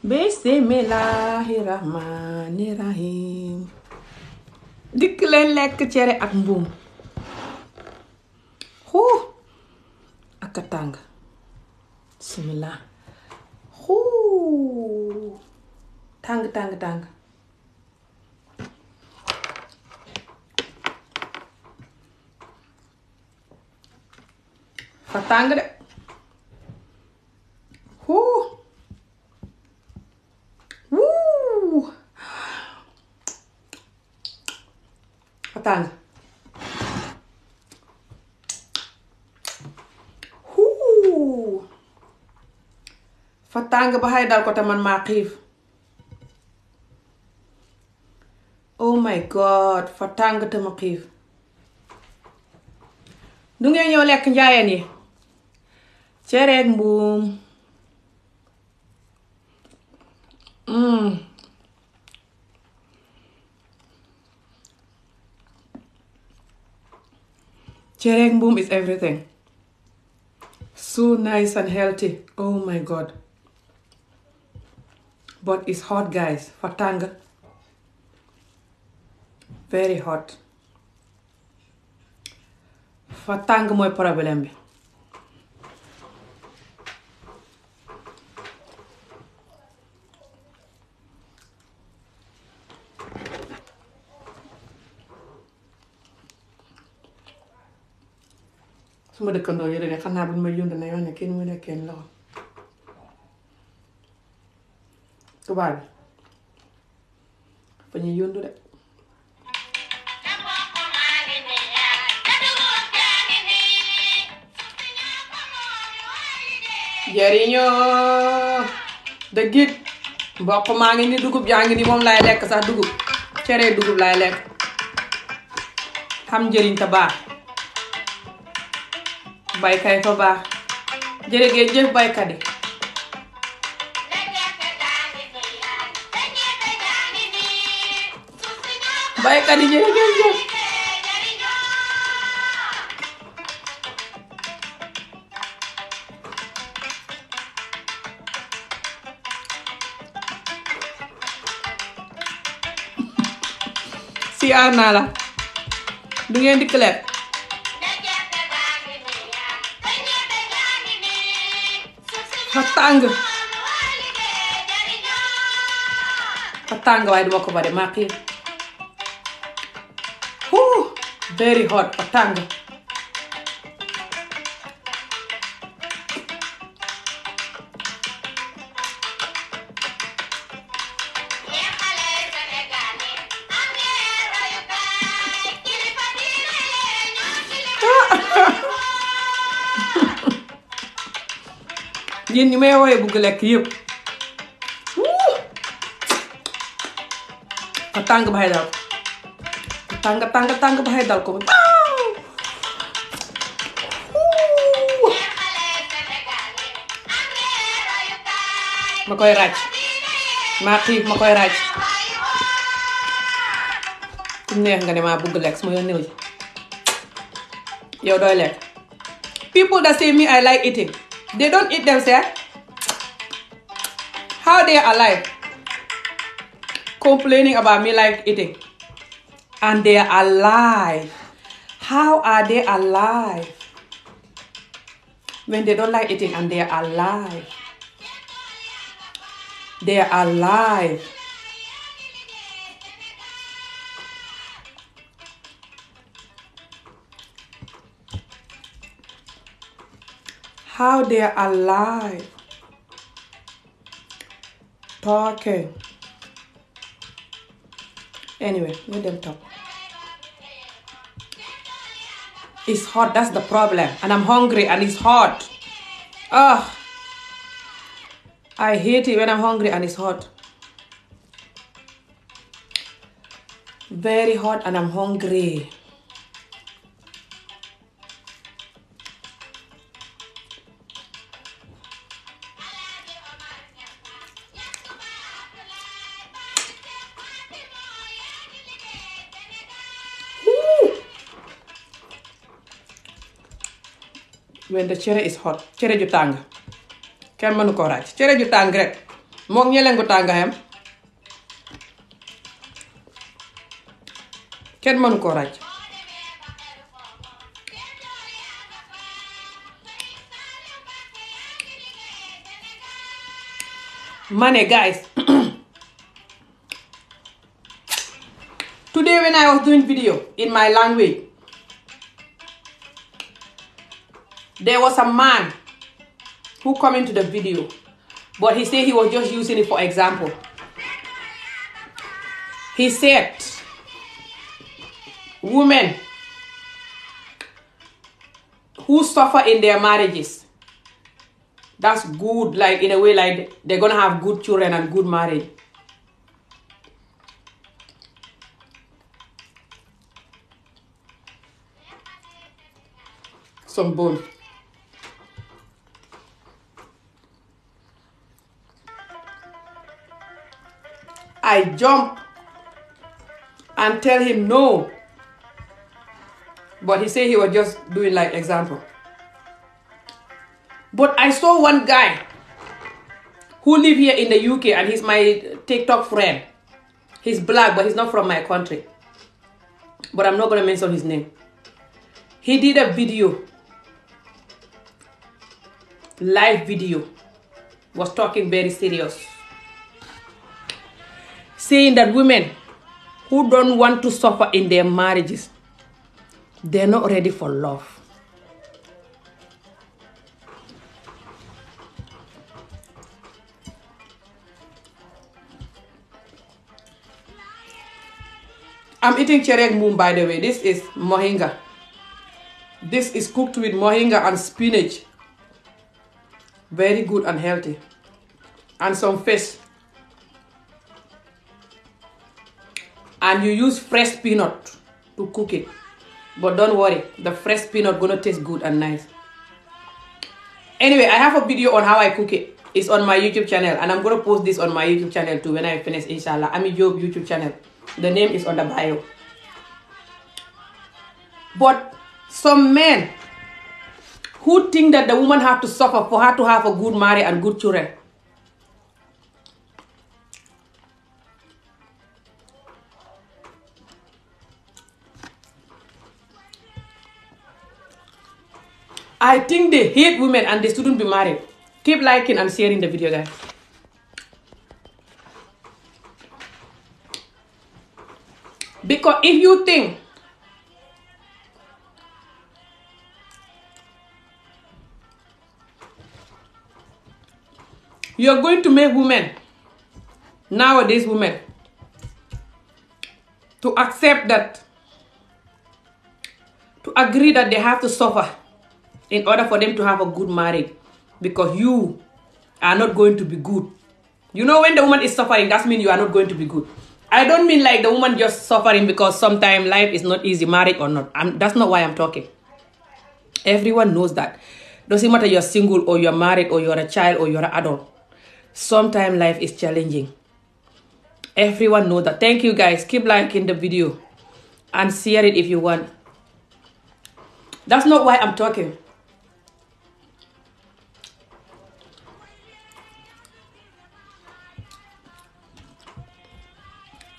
bismillaahi rahmaani rahim dikk leen lekk cere ak mbuum xuu ak a tàng bismillaah xuu tàng tàng tàng fa tàng de xuu Ooh. Attends. Ooh. fa tàng ba xay dal ko te man maa xiif oh my god fa tàng te ma xiif du ngeen ñëw lekk njaayeen yi cereeg mbuum mm. Chereng boom is everything. So nice and healthy. Oh my God. But it's hot, guys. Fatanga. Very hot. Fatanga mooy problème bi. suma dëkkandoo yële ne xam naa buñ may yónni nañoo ne kenn mu ne kenn loxo tubaab bi fa ñuy yóndu de jëriñoo dëggit mboq maa ngi ni dugub yaa ngi ni moom laay lekk sax dugub cere dugub laay lekk xam njëriñ te baax baykat yi fa baax jërëgeen jëf baykat yi baykat yi jërëgeen jëf si aar la du ngeen di clair dafa tàng dafa tàng waaye duma ko bare maa xiir very hot dafa tàng yéen ñi may bugg lekk yëpp a tàng ma koy ràcc maa xiif ma koy ràcc ku neex nga ne maa bugg lekk su yoon néew ji yow dooy lekk people that say me I like eating They don't eat themselves. How they are alive? Complaining about me like eating. And they are alive. How are they alive? When they don't like eating and they are alive. They are alive. how they're alive, talking. Anyway, let them talk. It's hot, that's the problem. And I'm hungry and it's hot. Oh, I hate it when I'm hungry and it's hot. Very hot and I'm hungry. when the cere is hot cere ju tàng kenn mënu koo ràcc cere ju tàng rek mook ñeleen gu kenn mënu koo ràcc mane ne guys today when I was doing video in my language there was a man who come into the video but he said he was just using it for example he said women who suffer in their marriages that's good like in a way like they're good children and good marriage some bone I jump and tell him no. But he said he was just doing like example. But I saw one guy who live here in the UK and he's my TikTok friend. He's black, but he's not from my country. But I'm not gonna mention his name. He did a video, live video, was talking very serious. saying that women who don't want to suffer in their marriages, they're not ready for love. I'm eating cherry moon by the way. This is moringa. This is cooked with moringa and spinach. Very good and healthy. And some fish. and you use fresh peanut to cook it but don't worry the fresh peanut gonna taste good and nice anyway i have a video on how i cook it it's on my youtube channel and i'm gonna post this on my youtube channel too when i finish inshallah Amie Jobe youtube channel the name is on the bio but some men who think that the woman have to suffer for her to have a good marriage and good children I think they hate women and they shouldn't be married. Keep liking and sharing the video, guys. Because if you think you're going to make women, nowadays women, to accept that, to agree that they have to suffer in order for them to have a good marriage because you are not going to be good. You know, when the woman is suffering, that means you are not going to be good. I don't mean like the woman just suffering because sometimes life is not easy, married or not. that's not why I'm talking. Everyone knows that. Doesn't matter you're single or you're married or you're child or you're adult. Sometimes life is challenging. Everyone knows that. Thank you guys. Keep liking the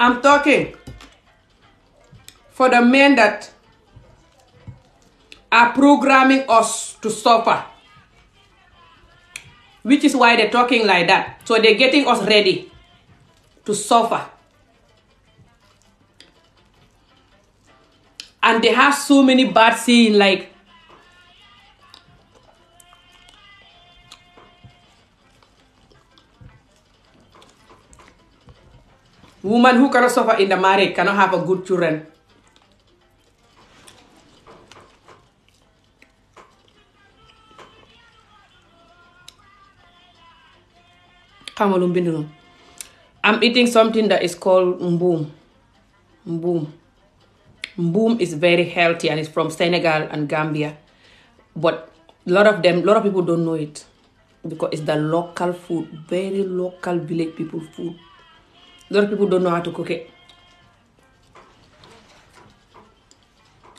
I'm talking for the men that are programming us to suffer. Which is why they're talking like that. So they're getting us ready to suffer. And they so many bad saying like woman who cannot suffer in the marriage cannot have a good children xamalum bind noonu I'm eating something that is called mboum mboum mboum is very healthy and it's from Senegal and Gambia but lot of them lot of people don't know it because it's the local food very local village people food lot of people don't know to cook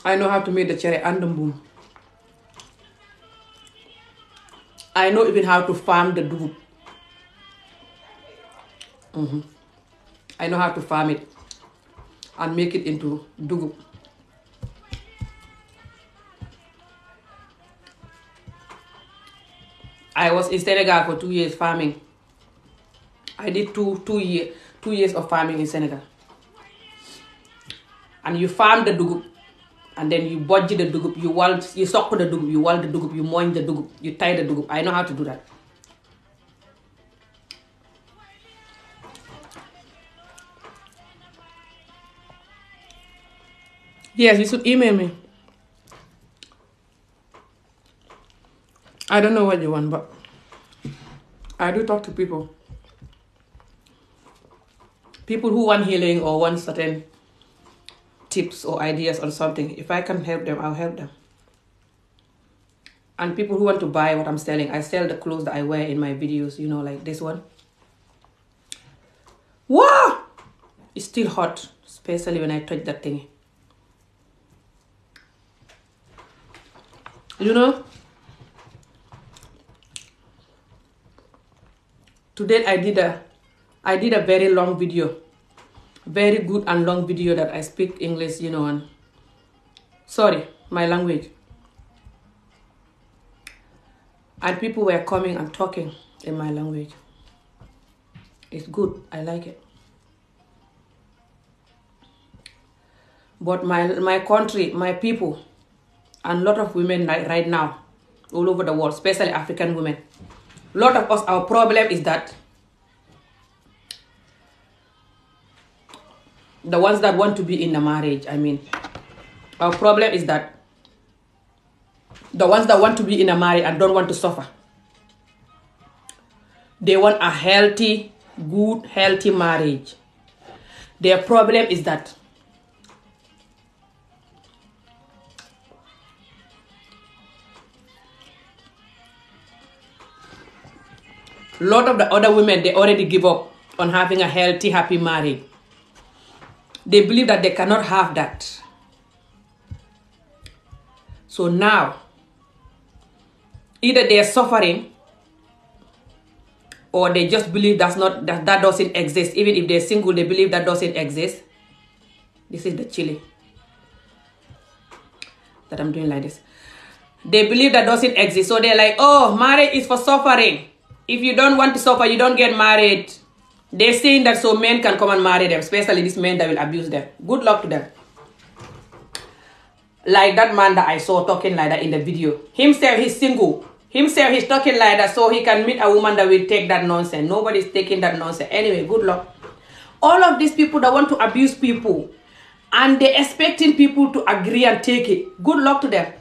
I know how to make the cherry and the mbum. I know even how to farm the dugub. Mm-hmm. I know how to farm it and make it into dugub. I was in Senegal for two years farming. I did two two year two years of farming in Senegal and yu farm the dugub and then you bojj the dugub yu wal you soq the dugub yu wal the dugub you mooñ the dugub you tay the dugub I know how to do that yes you should email me I don't know what you want but I do talk to people people who want healing or want certain tips or ideas on something, if I can help them, I'll help them. And people who want to buy what I'm selling, I sell the clothes that I wear in my videos, you know, like this one. Wow! It's still hot, especially when I touch that thing. You know? Today I did a I did a very long video, very good and long video that I speak English, sorry, my language. And people were coming and talking in my language. It's good, I like it. But my, country, my people, and lot of women right now, all over the world, especially African women, lot of us, our problem is that the ones that want to be in a marriage i mean our problem is that the ones that want to be in a marriage and don't want to suffer they want a healthy good healthy marriage their problem is that lot of the other women they already give up on having a healthy happy marriage They believe that they cannot have that. So now, either they're suffering or they just believe that's not that, that doesn't exist. Even if they're single, they believe that doesn't exist. This is the chili They believe that doesn't exist. So they're like, oh, marriage is for suffering. If you don't want to suffer, you don't get married. They're saying that so men can come and marry them, especially these men that will abuse them. Good luck to them. Like that man that I saw talking like that in the video. Himself, he's single. Himself, he's talking like that so he can meet a woman that will take that nonsense. Nobody's taking that nonsense. Anyway, good luck. All of these people that want to abuse people and they're expecting people to agree and take it. Good luck to them.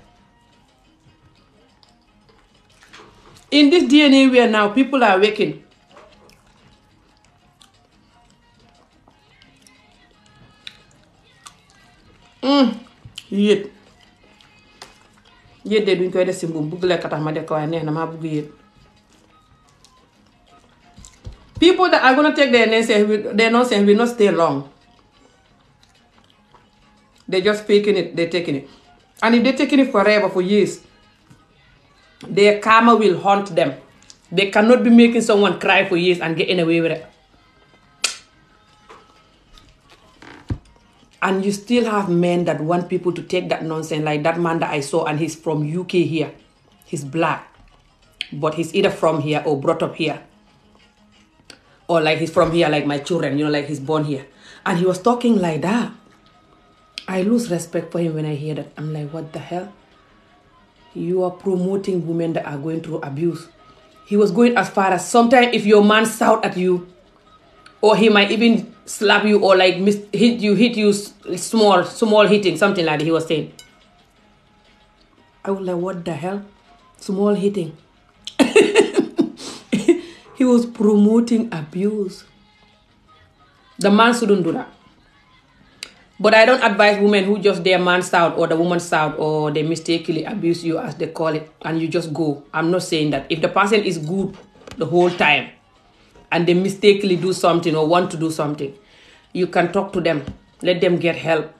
In this DNA where are waking Mm. yéet yéet de duñ koy def si mbuum bugg lekk tax ma def ko waaye neex na maa bugg yéet people that are gonna take their nonsense with their nonsense will not stay long they just faking it they taking and if they taking forever for years their karma will haunt them they cannot be making someone cry for years and get away with it and you still have men that want people to take that nonsense like that man that i saw and he's from uk here he's black but he's either from here or brought up here or like he's from here like my children you know like he's born here and he was talking like that i lose respect for him when i hear that i'm like what the hell you are promoting women that are going through abuse he was going as far as sometimes if your man shout at you or he might even slap you or like hit you small small hitting something like that he was saying i was like what the hell small hitting he was promoting abuse the man shouldn't do that but i don't advise women who just their man's out or the woman's out or they mistakenly abuse you as they call it and you just go i'm not saying that if the person is good the whole time and they mistakenly do something or want to do something, you can talk to them. Let them get help.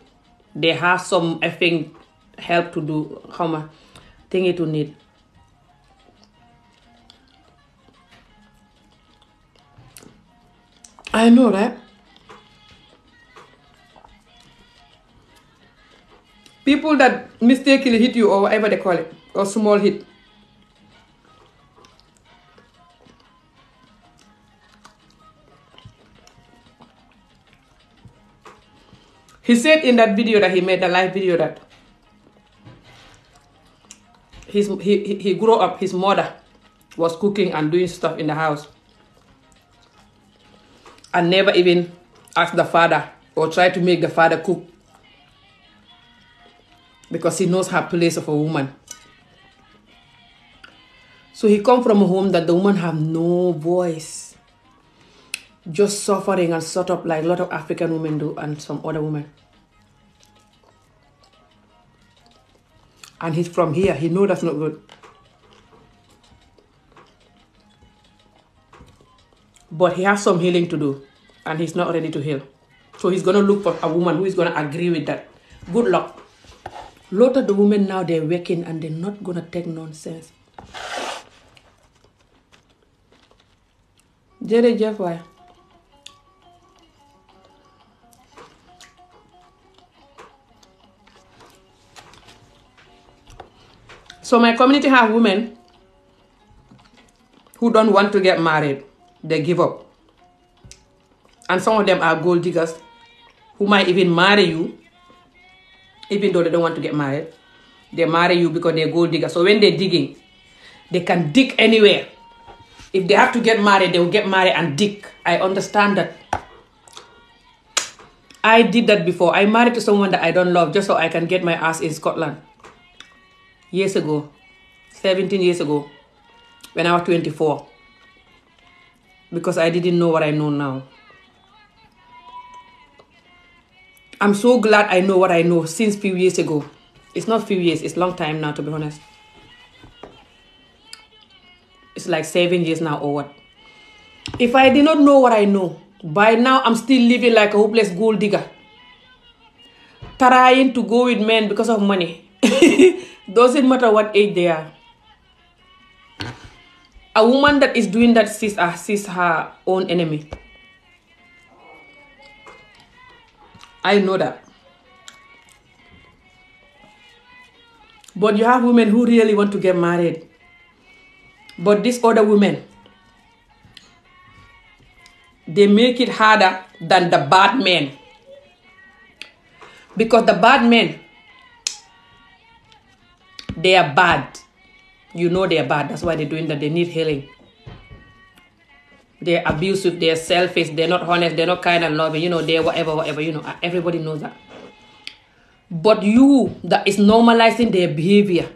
They have some, I think, help to do, how thing it will need. I know, right? People that mistakenly hit you or whatever they or small hit, He said in that video that he made, the live video that his, he, he grew up, his mother was cooking and doing stuff in the house and never even asked the father or tried to make the father cook because he knows her place of a woman. So he come from a home that the woman have no voice just suffering and sort of like a lot of African women and some other women. And he's from here. He know that's not good. But he has some healing to do and he's not ready to heal. So he's going to look for a woman who is going to agree with that. Good luck. Lot of the women now, they're waking and they're not going to take nonsense. So my community have women who don't want to get married. They give up. And some of them are gold diggers who might even marry you, even though they don't want to get married. They marry you because they're gold diggers. So when they're digging, they can dig anywhere. If they have to get married, they will get married and dig. I understand that. I did that before. I married to someone that I don't love just so I can get my ass in Scotland. years ago, 17 years ago, when I was 24, because I didn't know what I know now. I'm so glad I know what I know since few years ago. It's not few years, it's long time now to be honest. It's like seven years now or If I did not know what I know, by now I'm still living like a hopeless gold digger. Trying to go with men because of money. doesn't matter what age they are. A woman that is doing that sees her, own enemy. I know that. But you have women who really want to get married. But these other women, they make it harder than the bad men. Because the bad men, they are bad you know they are bad that's why they're doing that they need healing they're abusive they're selfish they're not honest they're not kind and loving you whatever whatever you know uh, everybody knows that but you that is normalizing their behavior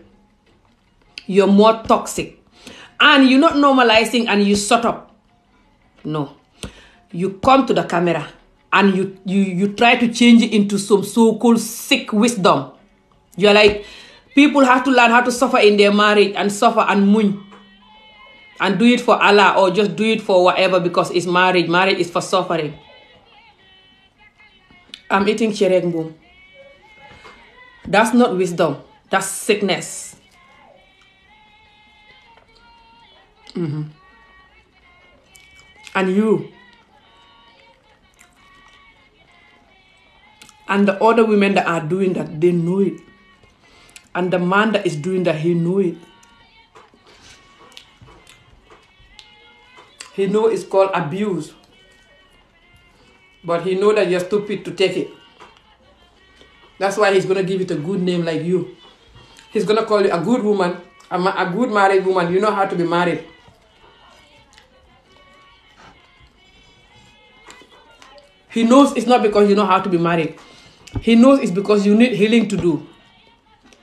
you're more toxic and you're not normalizing and you shut up no you come to the camera and you try to change it into so-called sick wisdom you're like People have to learn how to suffer in their marriage and suffer and muñ and do it for Allah or just do it for whatever because it's marriage. Marriage is for suffering. I'm eating cere mbuum. That's not wisdom. That's sickness. Mm-hmm. And you and the other women that are doing that, they know it. And the man that is doing that, he knew it. He know it's called abuse. But he know that you're stupid to take it. That's why he's gonna give it a good name like you. He's gonna call you a good woman, a, good married woman. You know how to be married. He knows it's not because you know how to be married. He knows it's because you need healing to do.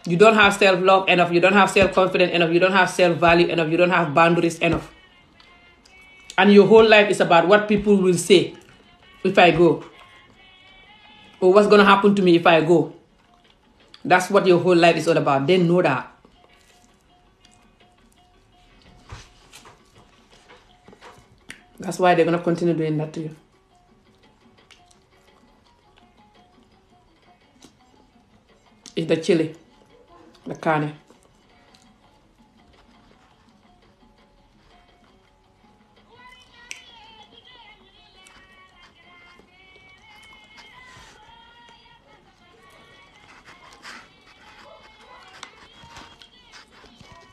you don't have self love enough you don't have self confidence enough you don't have self value enough you don't have boundaries enough and your whole life is about what people will say if I go or what's gonna happen to me if I go that's what your whole life is all about they know that that's why they're gonna continue doing that to you it's the chili ak kaane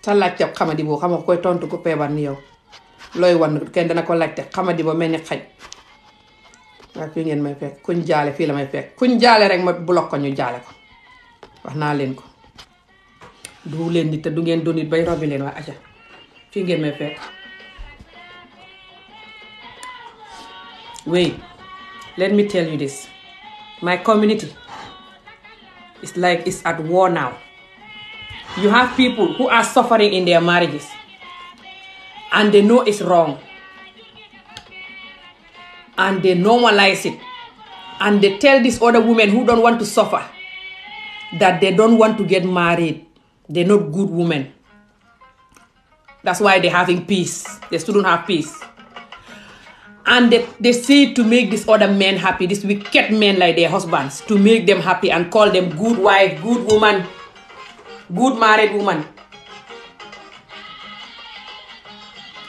sa laajte xamadi boo xam koy tontu ku feebar ni yow looy wan kenn dana ko laajte xamadi ba mel ni xaj waaye fii ngeen may fekk kuñ jaale fii la may fekk kuñ jaale rek ma block ko ñu jaale ko wax naa leen ko du leen nit te du ngeen doon nit bay robbi leen waa acca fii ngeen may fekk wait let me tell you this my community is like it's at war now you have people who are suffering in their marriages and they know it's wrong and they normalize it and they tell these other women who don't want to suffer that they don't want to get married They're not good women. That's why they're having peace. They still don't have peace. And they, say to make these other men happy, these wicked men like their husbands, to make them happy and call them good wife, good woman, good married woman.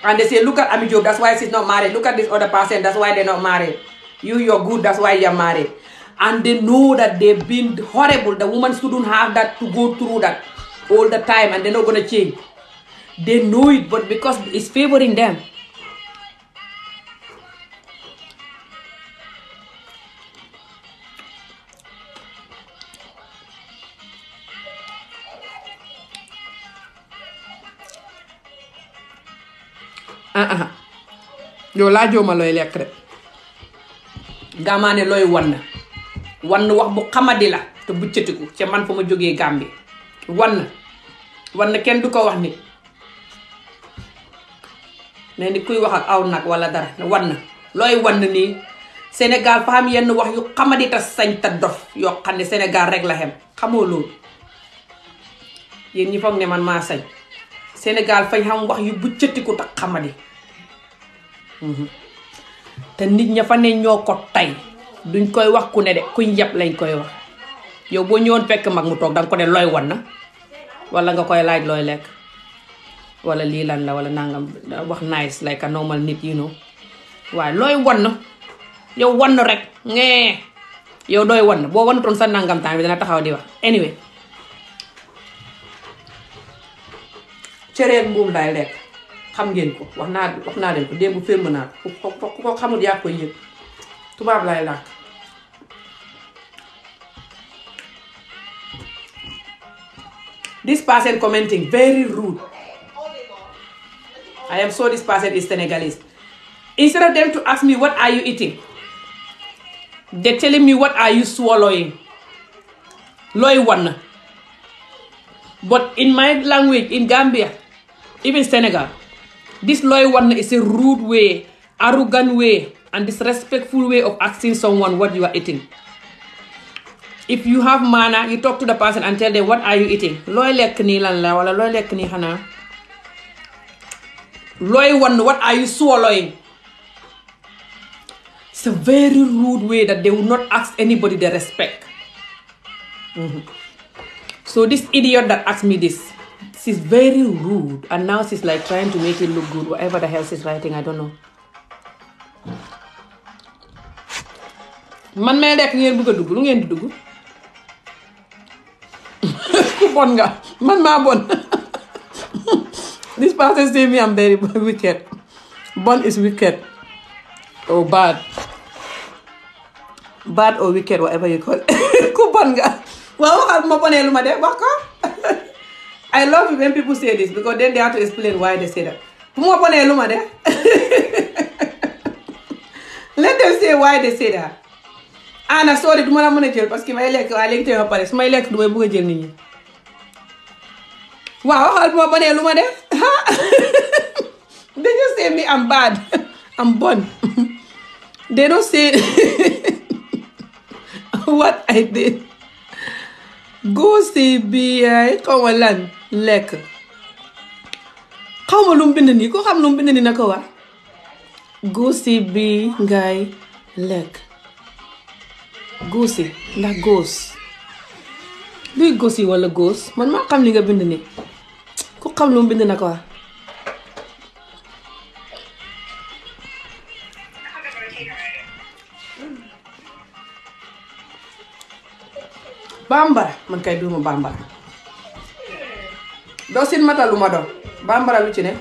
And they say, look at Ami that's why she's not married. Look at this other person, that's why they're not married. You, you're good, that's why you're married. And they know that they've been horrible. that to go through all the time and they're not going to change. They know but because it's favoring them. ah ah yow laajoo ma looy lekk rek gaamaa looy wann wann wax bu xamadi la te buccatiku ca man fa ma jógee Gàmbi wann wan na kenn du ko wax nit mais ni kuy wax ak aw nag wala dara wan na looy wan nii Sénégal fa am yenn wax yu xamadi ta sañ ta yoo xam ne Sénégal rek la xem xamoo loolu yéen ñi foog ne man maa sañ Sénégal fañ wax yu bu cëtiku ta xamadi mhm. te nit ña fa ne ñoo ko tey duñ koy wax ku ne de kuñ yeb lañ koy wax yow boo ñëwoon fekk mag mu toog danga ko ne looy wan wala nga koy laaj looy lekk walla lii lan la wala nangam wax nice like a normal nit you know waaye looy won yow wann rek ngee yow dooy wann boo wannutoon sa nangam taam bi dana taxaw di wax anyway cereeg mbuum laay lekk xam ngeen ko wax naa wax naa leen ko démb firme naa ko ku ko xamul yaa koy yëg tubaab lay làkk This person commenting, very rude. I am sure this person is Senegalese. Instead them to ask me, what are you eating? They're me, what are you swallowing? Loy one. But in my language, in Gambia, even Senegal, this loy one is a rude way, arrogant way, and disrespectful way of asking someone what you are eating. if you have maana you talk to the person and what are you eating looy lekk nii lan la wala looy lekk nii xanaa looy wan what are you swallowing it's a very rude way that they will not ask anybody the respect mm-hmm. so this idiot that asked me this she's very rude and now she's like trying to make it look good whatever the hell she's writing I don't know man may lekk ngeen bëgg a dugg lu ngeen di dugg ku bon nga man maa bon this person say me am very wicked bon is wicked or bad bad or wicked whatever you call ku bon nga waaw waxal ma bonee lu ma def wax ko I love it when people say this because then they have to explain why they say that bu ma bonee lu ma def let them say why they say that ana sori du la mën a jël parce que may lekk waaye léegi tey ba pare su may lekk du may a jël nit ñi waaw waxal ma bonee lu ma def they just say me I'm bad I'm bon they don't say what I did go bi xaw ma lekk xaw ma lu mu bind nii ko xam lu mu bind nii na ko wax go bi ngay lekk góose ndax góos luy góos yi walla góos man maa xam li nga bind ni ku xam lu mu bind na ko wax bambara man kay duuma bambara doo sin matalu ma doon bambara lu ci ne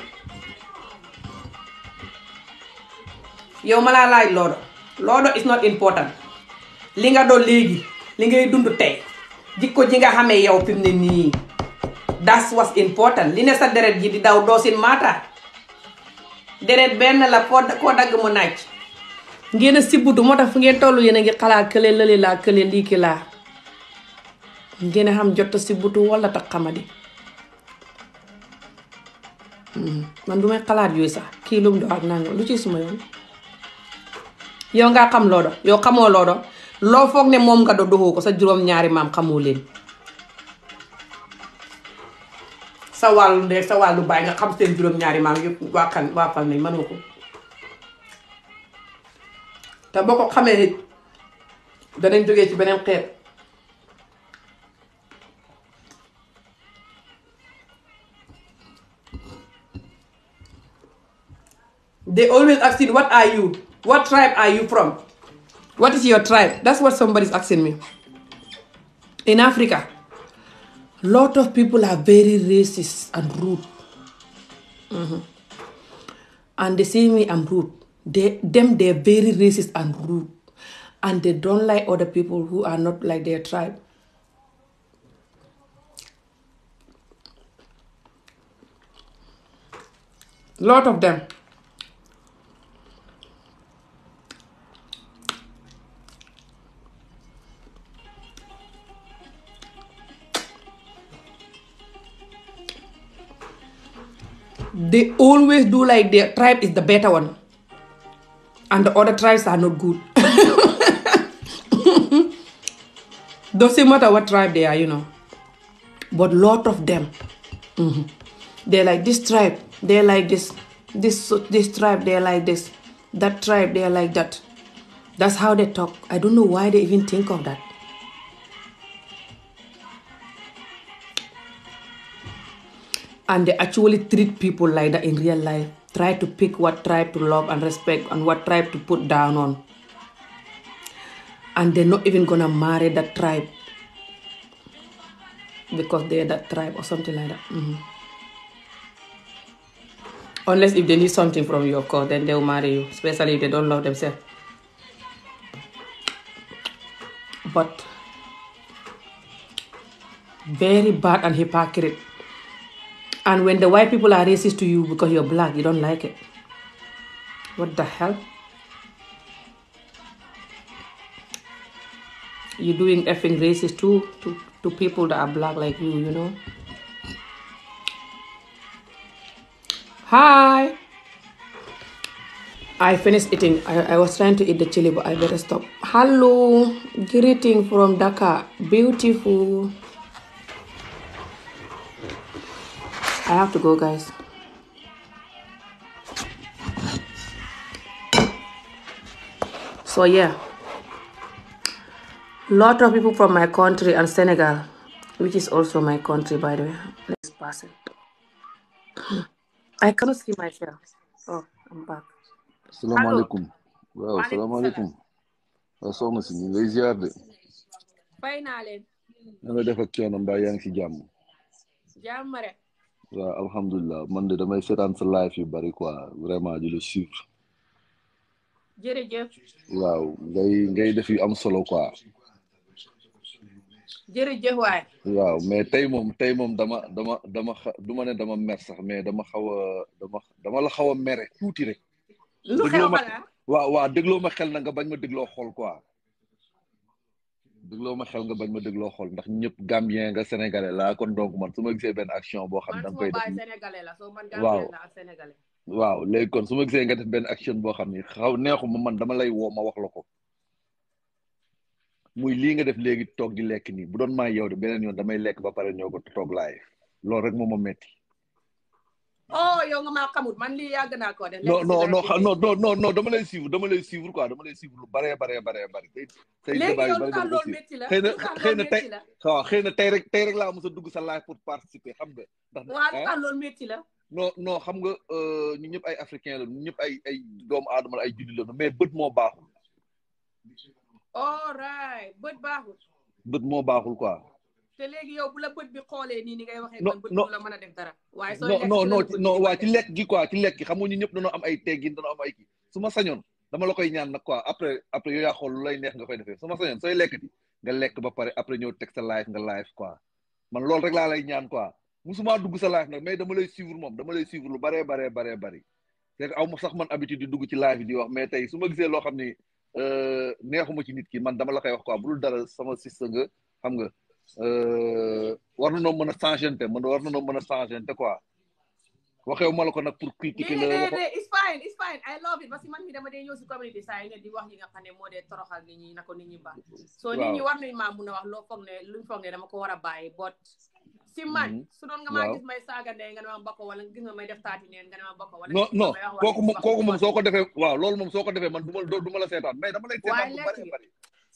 yow ma laa laaj loodo loodo is not important li nga doon léegi li ngay dund tey jikko ji nga xamee yow fi ne nii das was important li ne sa deret ji di daw doosin maata deret benn la koo koo dagg mu naaj ngeen a sibbutu moo tax fu ngeen tollu yéen a ngi xalaat kële lële laa kële lii ki laa ngeen a xam jot a sibbutu wala tax xamadi hmm, man du may xalaat yooyu sax kii lum do ak nanga lu ci suma yoon yow ngaa xam loo yow xamoo loo loo foog ne moom nga doon doxoo ko sa juróom-ñaari maam xamoo leen sa wàllu ndey sa wàllu baay nga xam seen juróom-ñaari maam yëpp waa kan waa fan nañ mënoo ko te boo ko xamee danañ jógee ci beneen xeet they always ask you what are you what tribe are you from What is your tribe? That's what somebody's asking me. In Africa, lot of people are very racist and rude. Mm-hmm. And they say me I'm rude. them, they're very racist and rude. And they don't like other people who are not like their tribe. Lot of them. they always do like their tribe is the better one and the other tribes are not good doesn't matter what tribe they are you know but lot of them mm-hmm. like this tribe they're like like this that tribe they're like that that's how they talk I don't know why they even think of that and they actually treat people like that in real life try to pick what tribe to love and respect and what tribe to put down on and they're not even marry that tribe because they're that tribe or something like that mm-hmm. unless if they need something from you of course then they'll marry you especially they don't love themselves but very bad and hypocrite And when the white people are racist to you because you're black, you don't like it. What the hell? You're doing effing racist too to, people that are black like you, Hi! I finished eating. I, was trying to eat the chili, but I better stop. Hello! Greeting from Dhaka. Beautiful. I have to go, guys. So yeah, lot of people from my country and Senegal, which is also my country, by the Next person. I cannot see myself. Oh, I'm back. Assalamualaikum. Waaw, assalamualaikum. Waaw soxna de. Fay naa leen. Na def ak coono mbaa si jàmm. waaw alhamdulilah man de damay seetaan sa live yu bari quoi vraiment di la suivre. jërëjëf. waaw ngay ngay def yu am solo quoi. jërëjëf waay. waaw mais tey moom tey moom dama dama dama xa du ma ne dama mer sax mais dama xaw a dama dama la xaw a mere tuuti rek. lu xew ma waaw waaw dégloo ma xel na nga bañ ma dégloo xool quoi. dégloo ma xel nga bañ ma dégloo xool ndax ñëpp Gambien nga sénégalais la kon donc man su ma gisee benn action boo xam da nga koy def waaw waaw léegi kon su ma gisee nga def benn action boo xam ni xaw neexu ma man dama lay woo ma wax la ko muy lii nga def léegi toog di lekk nii bu doon maa yow de beneen yoon damay lekk ba pare ñoo ko toog laay loolu rek moo ma metti oh yow nga maa xamut man lii yàgg naa koo def. non non non non non dama lay suivre dama lay suivre quoi dama lay suivre lu baree baree baree baree. tey léegi yow lu loolu métti la xëy na tey waaw xëy rek laa mos a dugg sa live pour participer xam nga. ndax waaw lu tax loolu métti la. non non xam nga euh, ñu ñëpp ay africain la ñu ñëpp ay ay doomu aadama la ay julli la mais bët moo baaxul. all right bët baaxul. bët moo baaxul quoi. te léegi yow bu la bi xoolee nii ni ngay waxee. non non la mën a def dara. waaye soo lekk non non non waaye ci lekk gi quoi ci lekk gi xam nga ñun ñëpp dañoo am ay teggin dañoo am ay kii su ma sañoon dama la koy ñaan nag quoi après après yow xool lu lay neex nga koy defee su ma sañoon sooy lekk di nga lekk ba pare après ñëw teg sa live nga live quoi man loolu rek laa lay ñaan quoi musuma dugg sa live nag mais dama lay suivre moom dama lay suivre lu bare baree baree bari c'est ma sax man habitude di dugg ci live yi di wax mais tey su ma gisee loo xam ni euh, neexuma ci nit ki man dama la koy wax quoi bu dul dara sama sista xam nga Euh, war na noo mën a changente mën war na noo mën a changente quoi waxew ma ko nag pour critiquer la I love it parce que man moo dee toroxal nit ñi wax loo foog ne luñ ko war a bàyyi bot si man mhm. su doon nga maa gis may saaga ndey nga ne ma bokk moom soo ko defee waaw loolu moom soo ko defee man du la seetaan mais dama lay seetaan bu bari bari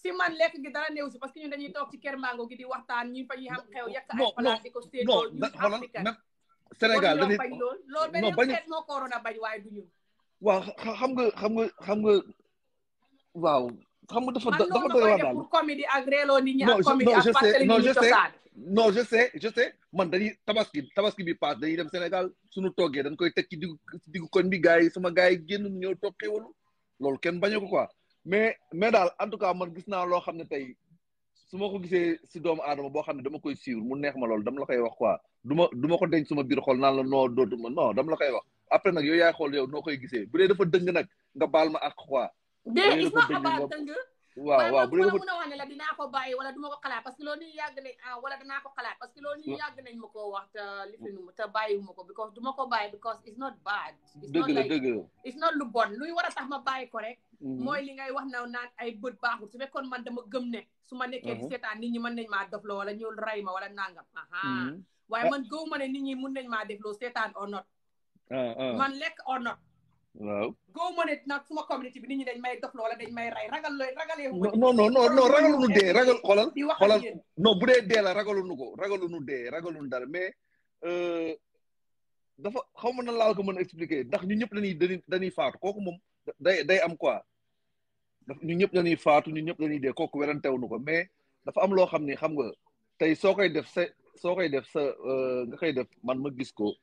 si man lekk gi dara néew si parce que ñun dañuy toog ci kër mango gi di waxtaan ñu fa ñuy xam xew yàq ay palaas di ko séddoo ñu africain Sénégal dañuy bañ lool loolu benn xeet moo corona bañ waaye du ñu waaw xam nga xam nga xam nga waaw xam nga dafa dafa doy waar daal pour comédie ak réeloo nit ñi ak comédie ak fàttali nit ñi cosaan non je sais je sais man dañuy tabaski tabaski bi paas dañuy dem Sénégal suñu toggee dañ koy teg ci diggu diggu koñ bi gars yi sama gars yi génn ñëw toog xéwalu loolu kenn bañu ko quoi mais mais daal en tout cas man gis naa loo xam ne tey suma ko gisee si doom aadama boo xam ne dama koy suivre mu neex ma loolu dam la koy wax quoi du ma du ma ko denc suma biir xool naan la noo ma no dama la koy wax après nag yow yay xool yow no koy gisee bu dee dafa dëng nag nga baal ma ak quoi. dee is ma xabaar dëng waaw waaw a wax ko bàyyi wala duma ko xalaat parce que loolu nii yàgg nañ ah, wala danaa ko xalaat parce que loolu nii yàgg nañ wax te lifinu te bàyyiwuma ko because duma ko bàyyi because it's not bad dëgg la dëgg la not lu bon luy war a tax ma bàyyi ko rek mm-hmm. mooy li ngay wax na naan ay bët baaxul su fekkoon man dama gëm ne su ma nekkee di mm-hmm. seetaan nit ñi mën nañ maa dofloo wala ñu ray ma wala nangam aha mm-hmm. waaye ah. man gëw ma ne nit ñi mun nañ maa defloo seetaan or not ah, man lekk or not waaw goo ma ne nag suma communauté bi nit ñi dañ may dof loola dañ may ray ragal looy ragalee non non non non ragalunu dee ragal xoolal xoolal non bu dee dee la ragalunu ko ragalunu dee ragalunu dara mais euh, dafa xaw ma na laal ko mën a expliquer ndax ñu ñëpp dañuy dañuy dañuy faatu kooku moom day day am quoi ñu ñëpp dañuy faatu ñu ñëpp dañuy dee kooku werantewunu ko mais dafa am loo xam ne xam nga tey soo koy def sa soo koy def sa euh, nga koy def man ma gis ko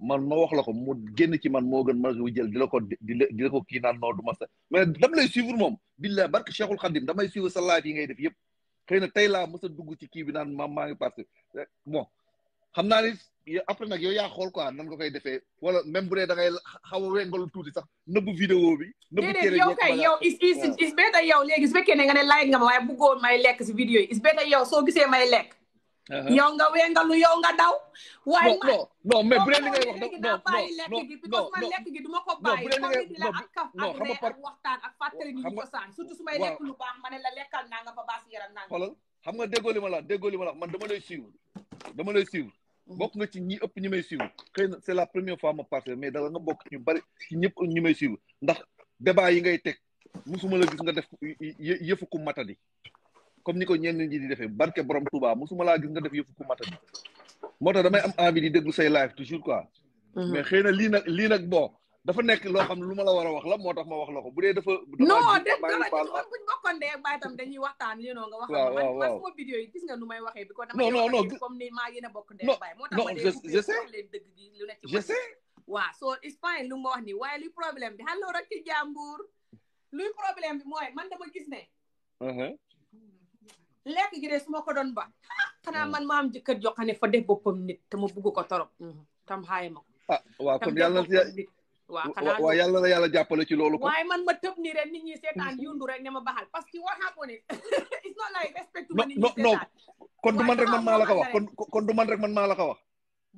man ma wax la ko mu génn ci man moo gën ma jël di la ko di la di du ma sa dam lay suivre moom billahi barke Cheikhul Khadim damay suivre sa laaj yi ngay def yëpp xëy na tey laa mës a dugg ci kii bi naan ma maa ngi passé eh, bon xam naa ni après nag yow yaa xool quoi nan nga koy defee wala même bu dee da ngay xaw a wengalu tuuti sax nëbbu vidéo bi nëbbu déedéet yow kay yow is yow léegi ma waaye bëggoo may lekk soo gisee may yow nga weengalu nga daw. waaye man non non mais bu dee li ngay wax non non non non non lekk gi duma ko bàyyi la ak kaf ak reer ak waxtaan saan surtout su may lu baax ma ne la naa nga ba baas yaram naa nga. xam nga déggoo ma la déggoo li ma la man dama lay suivre dama lay suivre. Mm-hmm. bokk nga ci ñi ëpp ñi may suivre xëy na c'est la première fois ma passé mais dala nga bokk ñu bari ci ñëpp ñi may suivre ndax débat yi ngay teg musuma la gis nga def yëfu ku matadi. comme ni ko ñenn ñi di defee barke borom Touba mosuma laa gis nga def yëfu ku matadi moo tax damay am envie di say live toujours quoi. Mhm. mais xëy na lii nag lii nag bon dafa nekk loo xam ne lu ma la war a wax la moo tax ma wax la ko bu dee dafa. non def dara ñun buñ bokkoon dee baay tam nga wax. waaw waaw man sama vidéo yi gis may waxee. bi ko damay waxee comme ni maa yéen a bokk ndee baay. moo tax ma dee je lu ne ci je sais waaw soo Espagne lu ma wax nii waaye luy problème bi allo rakk ci jàmbur luy problème bi mooy man dama gis ne. Uh-huh. lek gi de su ma ko doon ba xanaa mm. man ma am jëkkër joo xam ne fa def boppam nit te ma bugg ko torop mm-hmm. tam xaaye ma ko ah waaw kon yàlla nit waaw xanaa waaw yàlla na yàlla jàppale ci loolu ko waaye man ma tëb ren ni nit ñi seetaan mm-hmm. yundu rek ne ma baxal parce que what happen is it's not like respect ma kon du man rek man maa la ko wax kon kon du man rek man maa la ko wax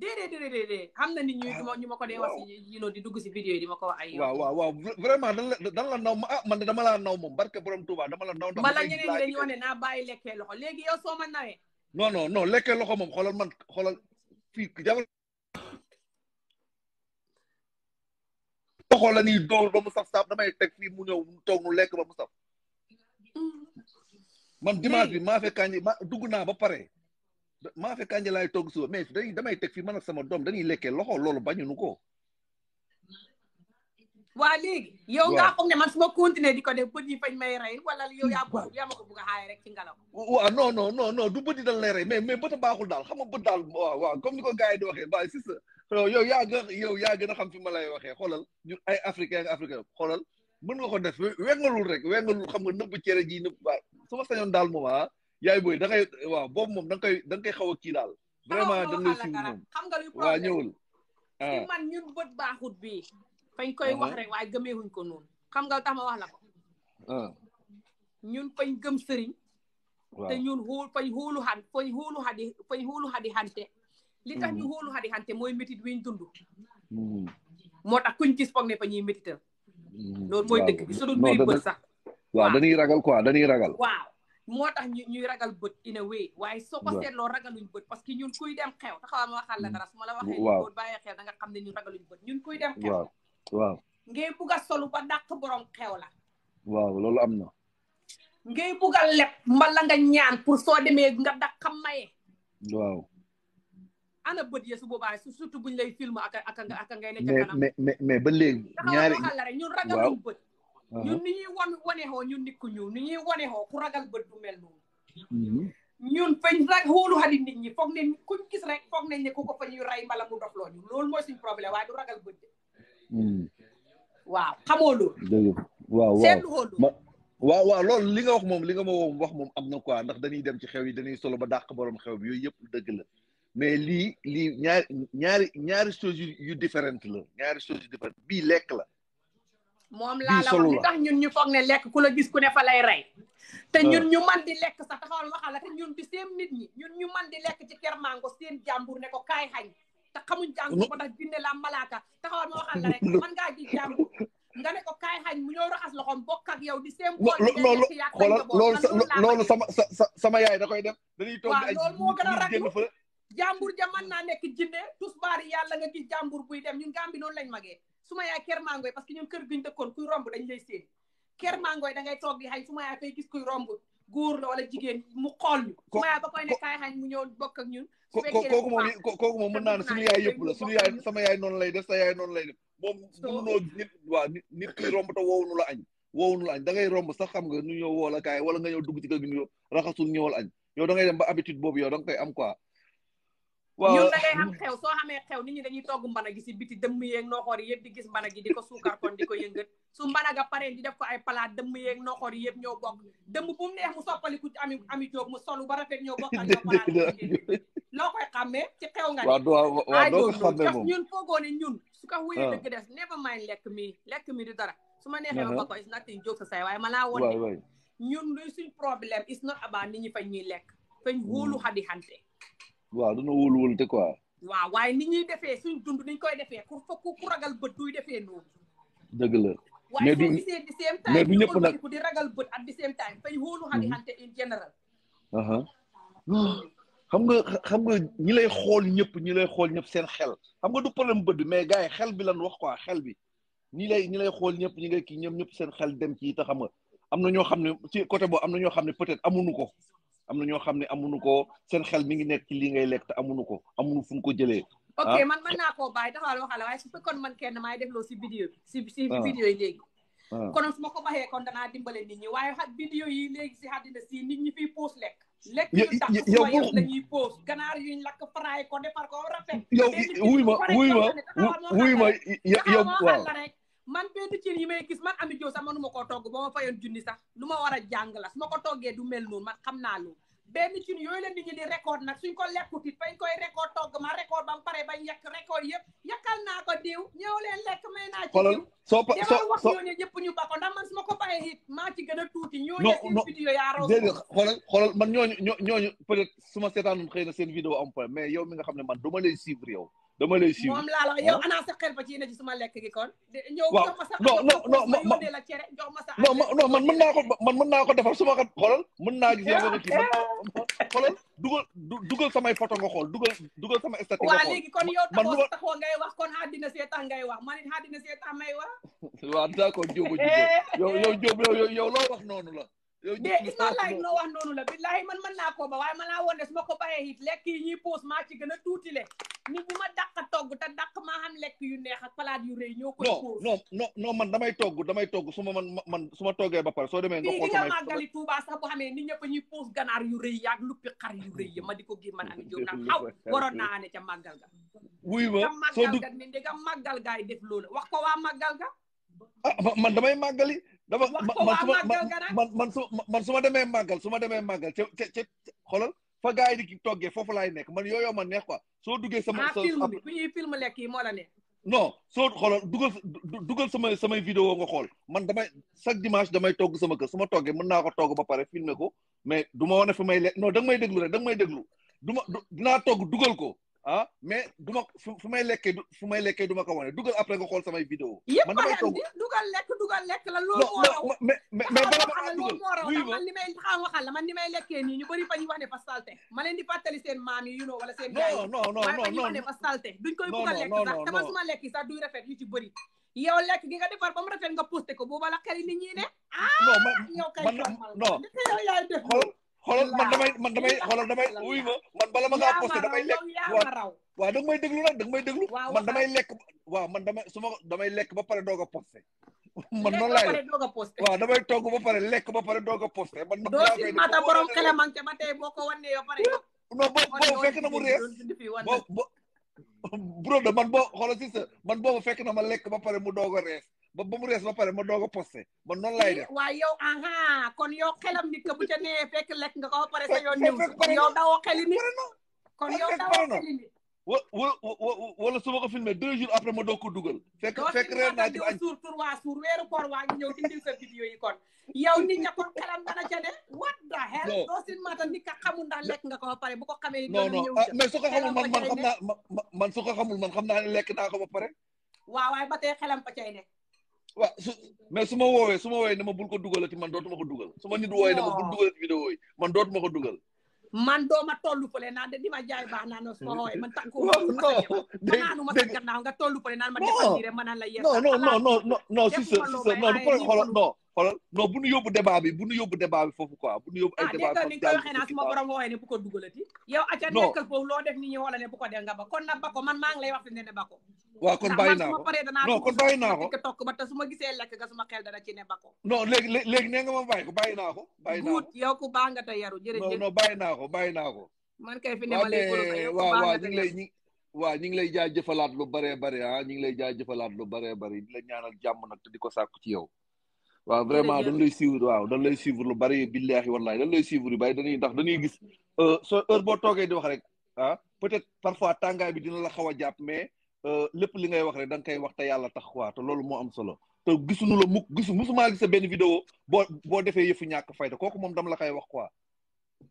déedéet déedéet xam na nit ñi ah. ñu ma ko dee wax yi di dugg si vidéo yi ko wax ay waaw waaw waaw vraiment dan la dan la ah man dama laa naw moom barke borom Touba dama la naw bala ñeneen ñi dañuy wax ne naa bàyyi lekkee loxo léegi yow soo ma nawee non non non lekkee loxo moom xoolal man xoolal fii jabar loxo la ñuy dóor ba mu saf saf damay teg fi mu ñëw mu toog nu lekk ba mu saf man dimanche bi maa fekkaan ma dugg naa ba pare maa fekk kànja laay toog suba mais dañuy damay teg fi man ak sama doom dañuy lekke loxo loolu bañu nu ko. waa léegi. yow ngaa foog ne man su ma continuer di ko def bët yi fañ may rey yow yaa ko yaa ma ko rek ci ngelaw. waaw non non du bët yi dañ mais mais bët a daal xam nga daal comme ni ko gars yi di yow yaa gën xam fi ma lay waxee xoolal ñun ay africain ak africain xoolal mën nga ko def wengalul rek wengalul xam nga nëbb cere ji nëbb waaye su ma sañoon daal moom ah yaay booy da ngay waaw boobu moom da koy da nga xaw a kii daal. vraiment da ngay moom xam nga luy problème waaw ñëwul. si ah. man ñun bët baaxut bii. fañ koy wax ah. rek waaye gëmeewuñ ko noonu. xam nga tax ma wax la ko. Ah. ñun fañ gëm sëriñ. te ñun xool fañ xoolu xan fañ xoolu xadi fañ xoolu xadi xante. li tax ñu xoolu mm-hmm. xadi xante mooy métit wiñ dund. Mm-hmm. moo tax kuñ gis foog ne fa ñuy métital. Mm-hmm. loolu mooy dëgg bi su doon bëri bët sax. waaw dañuy ragal quoi dañuy ragal. waaw. moo tax ñu ñuy ragal bët in a way waaye soo ko ragal ragaluñ bët parce que ñun kuy dem xew taxawaa ma xala la mm. dara su ma la waxee boo bàyyi xew xam ne ñun ragaluñ bët ñun kuy dem xew waaw ngay bugg a solu ba dàq borom xew la waaw loolu am na ngay bugg a leb mbala nga ñaan pour soo demee nga xam maye waaw ana bët ya su boobaa surtout buñ lay film ak ak ngay nekk kanam mais mais ba léegi ñaari taxawaa ma rek ñun ragaluñ bët ñun uh-huh. ni ñuy wan ñun nit ku ñuul ni ñuy wanexoo ku ragal bët du mel noonu mm-hmm. ñun fañ rek xóolu xali nit ñi foog ne kuñ gis rek foog nañ ne ku ko fa ñuy rey mbala mu dof loo ñu loolu mooy suñ problème waaye du ragal bët mm-hmm. waaw xamoo loolu waaw seetlu xóolu waaw waaw loolu li nga wax moom li nga ma wax moom am na quoi ndax dañuy dem ci xew yi dañuy solo ba dàq borom xew bi yooyu yëpp dëgg la mais lii lii ñaari ñaari ñaari choses yu différente la ñaari choses yu différente bii lekk la moom laa la wax li tax ñun ñu foog ne lekk ku la gis ku ne fa lay rey te ah. ñun ñu man di lekk sax taxawal waxal la te ñun di seen nit ñi ñun ñu man di lekk ci kermango seen jàmbur ne ko kaay xañ te xamuñ jàmbur ko tax jinne la malaaka taxawal ma waxal la rek man ngaa ji jàmbur nga ne ko kaay xañ mu ñëw raxas loxoom bokk ak yow di seen bool loolu loolu sama sa sama yaay da koy def dañuy toog ay loolu moo gën a raglu jàmbur ja mën naa nekk jinne tusbaari yàlla nga gis jàmbur buy dem ñun gambi noonu lañ magee suma yaay ker mangoy parce que ñun kër guñ dëkkoon kuy romb dañ lay séen ker mangoy da ngay toog di xay suma yaay fay gis kuy romb góor la wala jigéen mu xool ñu suma yaay ba koy ne kaay xañ mu kooku moom mën naa ne suñu yaay yëpp la suñu yaay sama yaay noonu lay def sa yaay noonu lay def moom mënunoo nit waaw nit kuy romb te woowu nu la añ woowu nu la ngay romb sax xam nga nu ñëw woo la kaay wala nga ñëw dugg ci kër gi ñu raxasul ñëwal añ yow da ngay dem ba habitude boobu yow da nga koy am quoi waaw ñun da ngay xew soo xamee xew ni ñi dañuy togg mbana gi si biti dëmm yeeg noxoor yëpp di gis mbana gi di ko suukar ko di ko yëngat su mbana ga paree di def ko ay palaat dëmm yeeg noxoor yëpp ñoo bokk dëmm bu mu neex mu soppaliku ami ami jóg mu solu ba rafet ñoo bokkal ñoo ci xew nga waaw doo ko xàmmee moom ñun foogoo ñun su ka wuyee ah. dëgg des never mind lekk mi lekk mi du dara su ma neexee ma uh-huh. ba ko is nothing jóg sa say waaye ma laa woon ne ñun luy suñ problème is not about ni ñi fañ ñuy lekk fañ wóolu hmm. xadi xante waaw dina wóolu wóolu te quoi. waaw waaye ni ñuy defee suñ dund niñ koy defee ku fa ku ragal bët duy defee noonu. dëgg la mais du mais du ñëpp nag di ragal bët at the same time fay wóolu mhm. xalixante in général. xam nga xam nga ñi lay xool ñëpp ñi lay xool ñëpp seen xel xam nga du problème bët mais gars yi xel bi wax quoi xel bi ñi lay ñi lay xool ñëpp ñi ngay kii ñoom ñëpp seen dem ci ta xam nga am na ñoo xam ne ci côté boobu am na ñoo xam ne peut-être amuñu ko. am na ñoo xam ne amuñu ko seen xel mi ngi nekk ci lii ngay lekk te amuñu ko amuñu fu ñu ko jëlee. ok ah. man mën naa koo bàyyi taxawal waxala waaye su fekkoon man kenn maay defloo si vidéo bi. si si ah. vidéo yi léegi. Ah. kon su ma ko baxee kon danaa dimbale nit ñi waaye xa vidéo yi léegi si àddina si nit ñi fiy poos lekk. lekk yu tax yow yow la ñuy poos ganaar yuñ lakk faraay ko defar ko rafet. yow wuy ma wuy man peeti cin yi may gis man Ami Jóob sax manuma koo toog ba ma fayoon junni sax lu ma war a su ma ko toggee du mel noonu man xam naa loolu benn cin yooyu la nit ñi di record nag suñ ko lekkutit bañ koy record togg ma record ba mu pare bañ yekk record yëpp yekkal naa ko diw ñëw leen lekk may naa ci diw demal wax ñooñu ñëpp ñu bako ndax man ma ko bayee maa ci gën a tuuti ñooñu seen vidéo yaa raw man ñooñu ñooñu peut être su ma seetaanoon xëy na seen vidéo am point mais yow mi nga xam ne man du ma yow dama lay siiw moom laa la yow ah. ana sa xel ba ci ne ci suma lekk gi kon. ñëw jox ma man mën naa ko defar suma ko xoolal mën naa gis yow nga kii dugal dugal samay nga xool dugal dugal sama statut nga xool. waaw léegi kon yow taxoo taxoo ngay wax kon àddina seetaan ngay wax man it àddina seetaan may wax. waaw d'accord Diop a yow yow Diop yow yow loo wax noonu la. dee is not like noo wax noonu la billahi man mën naa koo ba waaye man laa woon de su ma ko lekk yi ñuy poos maa ci gën a tuuti le nit bu ma dàq togg te dàq maa lekk yu neex ak palaat yu rëy ñoo koy poos non non non man damay togg damay togg su ma man man su ma toggee ba soo demee nga xool samay fii màggali Tuuba sax boo xamee nit ñëpp ñuy poos ganaar yu rëy yaag luppi xar yu rëy yi ma di ko gis man Ami na naan xaw waroon na ne ca màggal ga wuy ma soo a màggal ga ni di nga màggal gaay def loolu wax ko waa màggal ga ah damay màggali dafa man man su man su ma demee màggal su ma demee màggal ca ca ca fa gars yi di toggee foofu laay nekk man yooyu ma neex quoi soo duggee sama ah, sa ñuy film lekk yi moo la neex non soo xoolal dugal dugal samay samay vidéo nga xool man damay chaque dimanche damay togg sama kër su ma toggee mën naa ko togg ba pare filmer ko mais duma ma wane may lekk non da nga may déglu rek da nga may déglu du ma dinaa togg dugal ko ah mais du ma fu may lekkee du fu may dugal après nga samay vidéo man damay toog dugal lekk dugal lekk la loolu moo mais mais bala ma dugal wuyu ma man li may xam nii ñu bëri fa ñuy wax ne fa salte ma leen di fàttali seen maam yu noo wala seen gars fa salte duñ koy bugg a lekk sax dama suma lekk duy rafet yu ci bëri yow lekk gi nga defar ba mu rafet nga posté ko booba la xel nit ñi ne ah yow kay non non yow xoolal man damay man damay xoolal damay wuy ma man bala ma ngaa posté damay lekk waaw waaw danga may déglu nag danga may déglu man damay lekk wa man damay su ma damay lekk ba pare doog a posté man noonu laay waaw damay togg ba pare lekk ba pare doog a posté man doo si mata borom xele man ca ba tey ko wannee ba bo boobu fekk na mu rees bo bo brode man boo xoolal si sa man boobu fekk na ma lekk ba pare mu doog a rees ba ba mu rees ba pare ma doog a posté man noonu lay yow aha kon yow xelam nit ka bu ca nee fekk lekk nga ko ba pare sa yoon ñëw yow dawoo xeli nit kon yow dawoo xeli wala wala su ma ko filmé deux jours après ma doog ko dugal. fekk fekk reer naa ci añ suur tur waa suur weeru koor waa ngi ñëw indil yi kon. yow nit ña kon xelam dana ca ne. what the hell doo sin mata nit ka xamul ndax lekk nga ko pare bu ko xamee. non non ah, mais su ko xamul man man xam xamul man xam naa lek lekk naa ko ba pare. waaw waaye ba te xelam ba cay ne. waaw su mais su ma woowee su ma woowee ne ma bul ko dugalati man dootuma ko dugal su ma nit woowee ne ma bul dugalati vidéo yi man dootuma ko dugal. man doo dooma tollu fële naan de di ma jaay baax naa ne su ma woowee man tànku ma ma gannaaw nga tollu fële naan ma defal nii rek ma naan la yéex. non non non non non si sa si sa non du ko xoolal xoolal non bu ñu yóbbu débat bi bu ñu yóbbu débat bi foofu quoi bu ñu yóbbu ay ah, débat bi ni koy waxee naa suma borom woowee ne bu ko dugalati yow acca nekkal foofu loo def ni ñu wala ne bu ko def nga ba kon nag ba ko man maa ngi lay wax fi ne ne ba ko waaw kon bàyyi naa ko non kon bàyyi naa ko tokk ba te su ma gisee lekk nga suma xel dana ci ne ba ko non léegi léegi nee nga ma bàyyi ko bàyyi naa ko bàyyi naa ko yow ku baax nga te yaru jërëjëf non bàyyi naa ko bàyyi naa ko man kay fi ne ma lay waaw waaw ñu ngi lay ñi waaw ñu ngi lay jaajëfalaat lu baree bari ah ñu ngi lay jaajëfalaat lu baree bari di la ñaanal jàmm nag te di ko sàkku ci yow waaw vraiment dañ lay suivre waaw dañ lay suivre lu bari billaahi wallaahi dañ lay suivre yu bari dañuy ndax dañuy gis euh, soo heure boo toogee di wax rek ah peut-être parfois tàngaay bi dina la xaw a jàpp mais euh, lépp li ngay wax rek da nga koy wax te yàlla tax quoi te loolu moo am solo te gisuñu la mukk gisu musumaa gis sa benn vidéo boo boo defee yëfu ñàkk fayda kooku moom dama la koy wax quoi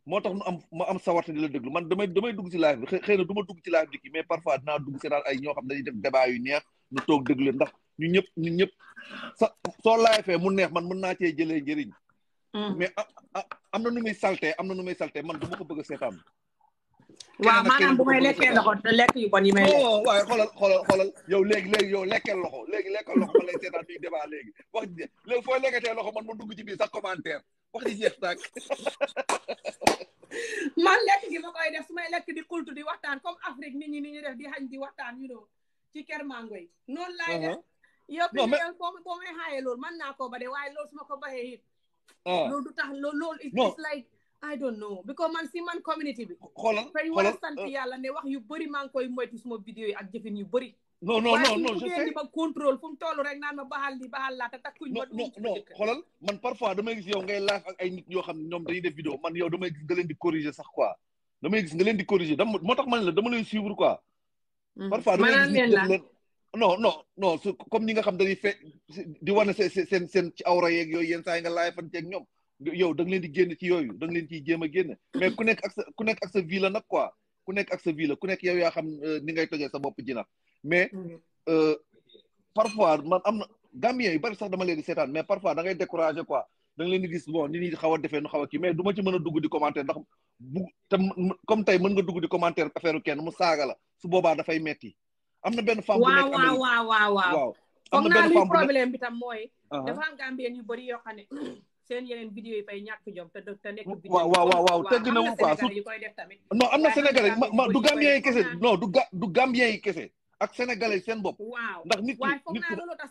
moo tax mu am ma am sawarte di la déglu man damay damay dugg ci live bi xëy na du ma dugg ci live bi kii mais parfois dinaa dugg seetaan ay ñoo xam dañuy def débat yu neex ñu toog déglu leen ndax ñu ñëpp ñu ñëpp sa soo laajfee mu neex man mën naa cee jëlee njëriñ mm. mais am na nu muy salté am na nu muy salté man du ma ko bëgg a waaw maanaam bu may lekkee loxo lekk yi may lekk oh, waaye xoolal xoolal xoolal yow léegi léegi yow lekkee loxo léegi lekkee loxo ma lay seetaan bii débat léegi wax ji léegi foo lekkatee loxo man ma dugg ci biir sax commentaire wax ji jeex nag man lekk gi ma koy def su may lekk di kultu di waxtaan comme Afrique nit ñi ni ñu def di xañ di waxtaan you know ci ker mango yi noonu laay uh-huh. def yow bi boo boo may xaayee loolu mën naa koo ba de waaye loolu su ma ko ba it ah. loolu du tax lool loolu it's like I don't ko because man si man community bi. xoolal xoolal war euh. yàlla ne wax yu bëri maa ngi koy moytu suma vidéo yi ak jëfin yu bëri. non non non non je sais waaye ba contrôle fu mu toll rek naan ma baaxal li baaxal gis yow ngay laaj ak ay nit yoo xam ne ñoom dañuy def vidéo man yow damay gis nga leen di corriger sax quoi damay gis nga leen di corriger dama moo tax la dama lay suivre quoi. Hmm. su comme ñi nga xam dañuy fe di wane sen seen seen ci awra yeeg yooyu yenn saa yi nga laay fan ceeg ñoom yow da nga leen di génn ci yooyu da nga leen ciy jéem a génn mais ku nekk ak sa ku nekk ak sa vie la ku nekk ak sa vie la ku nekk yow yaa xam euh, ni ngay tojee sa bopp mais mm-hmm. euh, parfois man am na Gambien yu bari sax dama leen di seetaan mais parfois da nga leen di gis bon ni ñuy xaw a defee nu xaw a kii mais du ma ci mën a dugg di commentaire ndax bu te comme tey mën nga dugg di commentaire affaire kenn mu saaga la su boobaa dafay metti am na benn femme bu nekk waaw waaw waaw waaw am na benn femme bu nekk foog naa luy problème bi mooy uh-huh. dafa am Gambien yu seen yeneen vidéo yi fay ñàkk jom te te nekk vidéo waaw waaw waaw tegg na wu def tamit non na sénégalais ma du gambien yi kese non du ga du gambien yi ak sénégalais seen bopp waaw ndax nit waaye foog naa looloo tax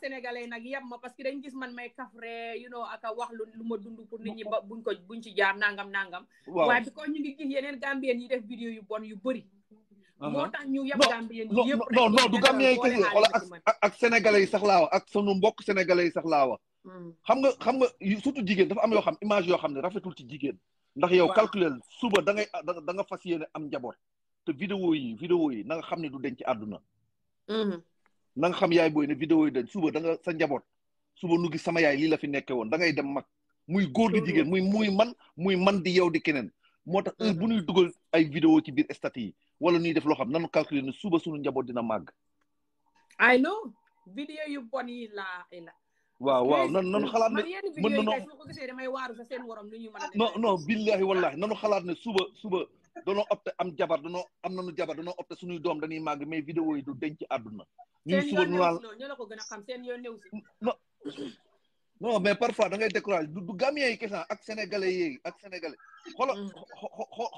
nag yem ma parce que dañ gis man may kafre you know ak a wax lu lu ma dund pour ni ñi ba buñ ko buñ ci jaar nangam nangam waaye bi ko ñu ngi gis yeneen gambien yi def vidéo yu bon yu bëri uh-huh. moo tax ñu yab gambien yi yëpp non non du gambien yi kese xoolal ak ak sénégalais yi sax laa wax ak sunu mbokk sénégalais yi sax laa wax Mm. xam nga xam nga surtout jigéen dafa am yoo xam image yoo xam ne rafetul ci jigéen ndax yow calculer suba da ngay da nga fas yéene am njaboot te vidéo yi vidéo yi na xam ne du denc ci àdduna mm-hmm. na xam yaay booy ne vidéo yi denc suba da sa njaboot suba nu gis sama yaay lii la fi nekke woon da ngay dem mag muy góor di mm-hmm. jigéen muy muy man muy man di yow di keneen moo tax heure bu mm-hmm. ñuy dugal ay vidéo ci biir statut yi wala ñuy def loo xam nanu calculer ne suba suñu njaboot dina màgg I know vidéo yu waaw waaw nan nanu xalaat ne mën nanoo non non billahi wallahi nanu xalaat ne suba suba danoo opté am jabar danoo am nanu jabar danoo opté suñuy doom dañuy màgg mais vidéo yi du denc àdduna ñun suba ñu naan non non mais parfois da ngay découragé du du Gambien yi kese ak sénégalais yi ak sénégalais xoolal mm.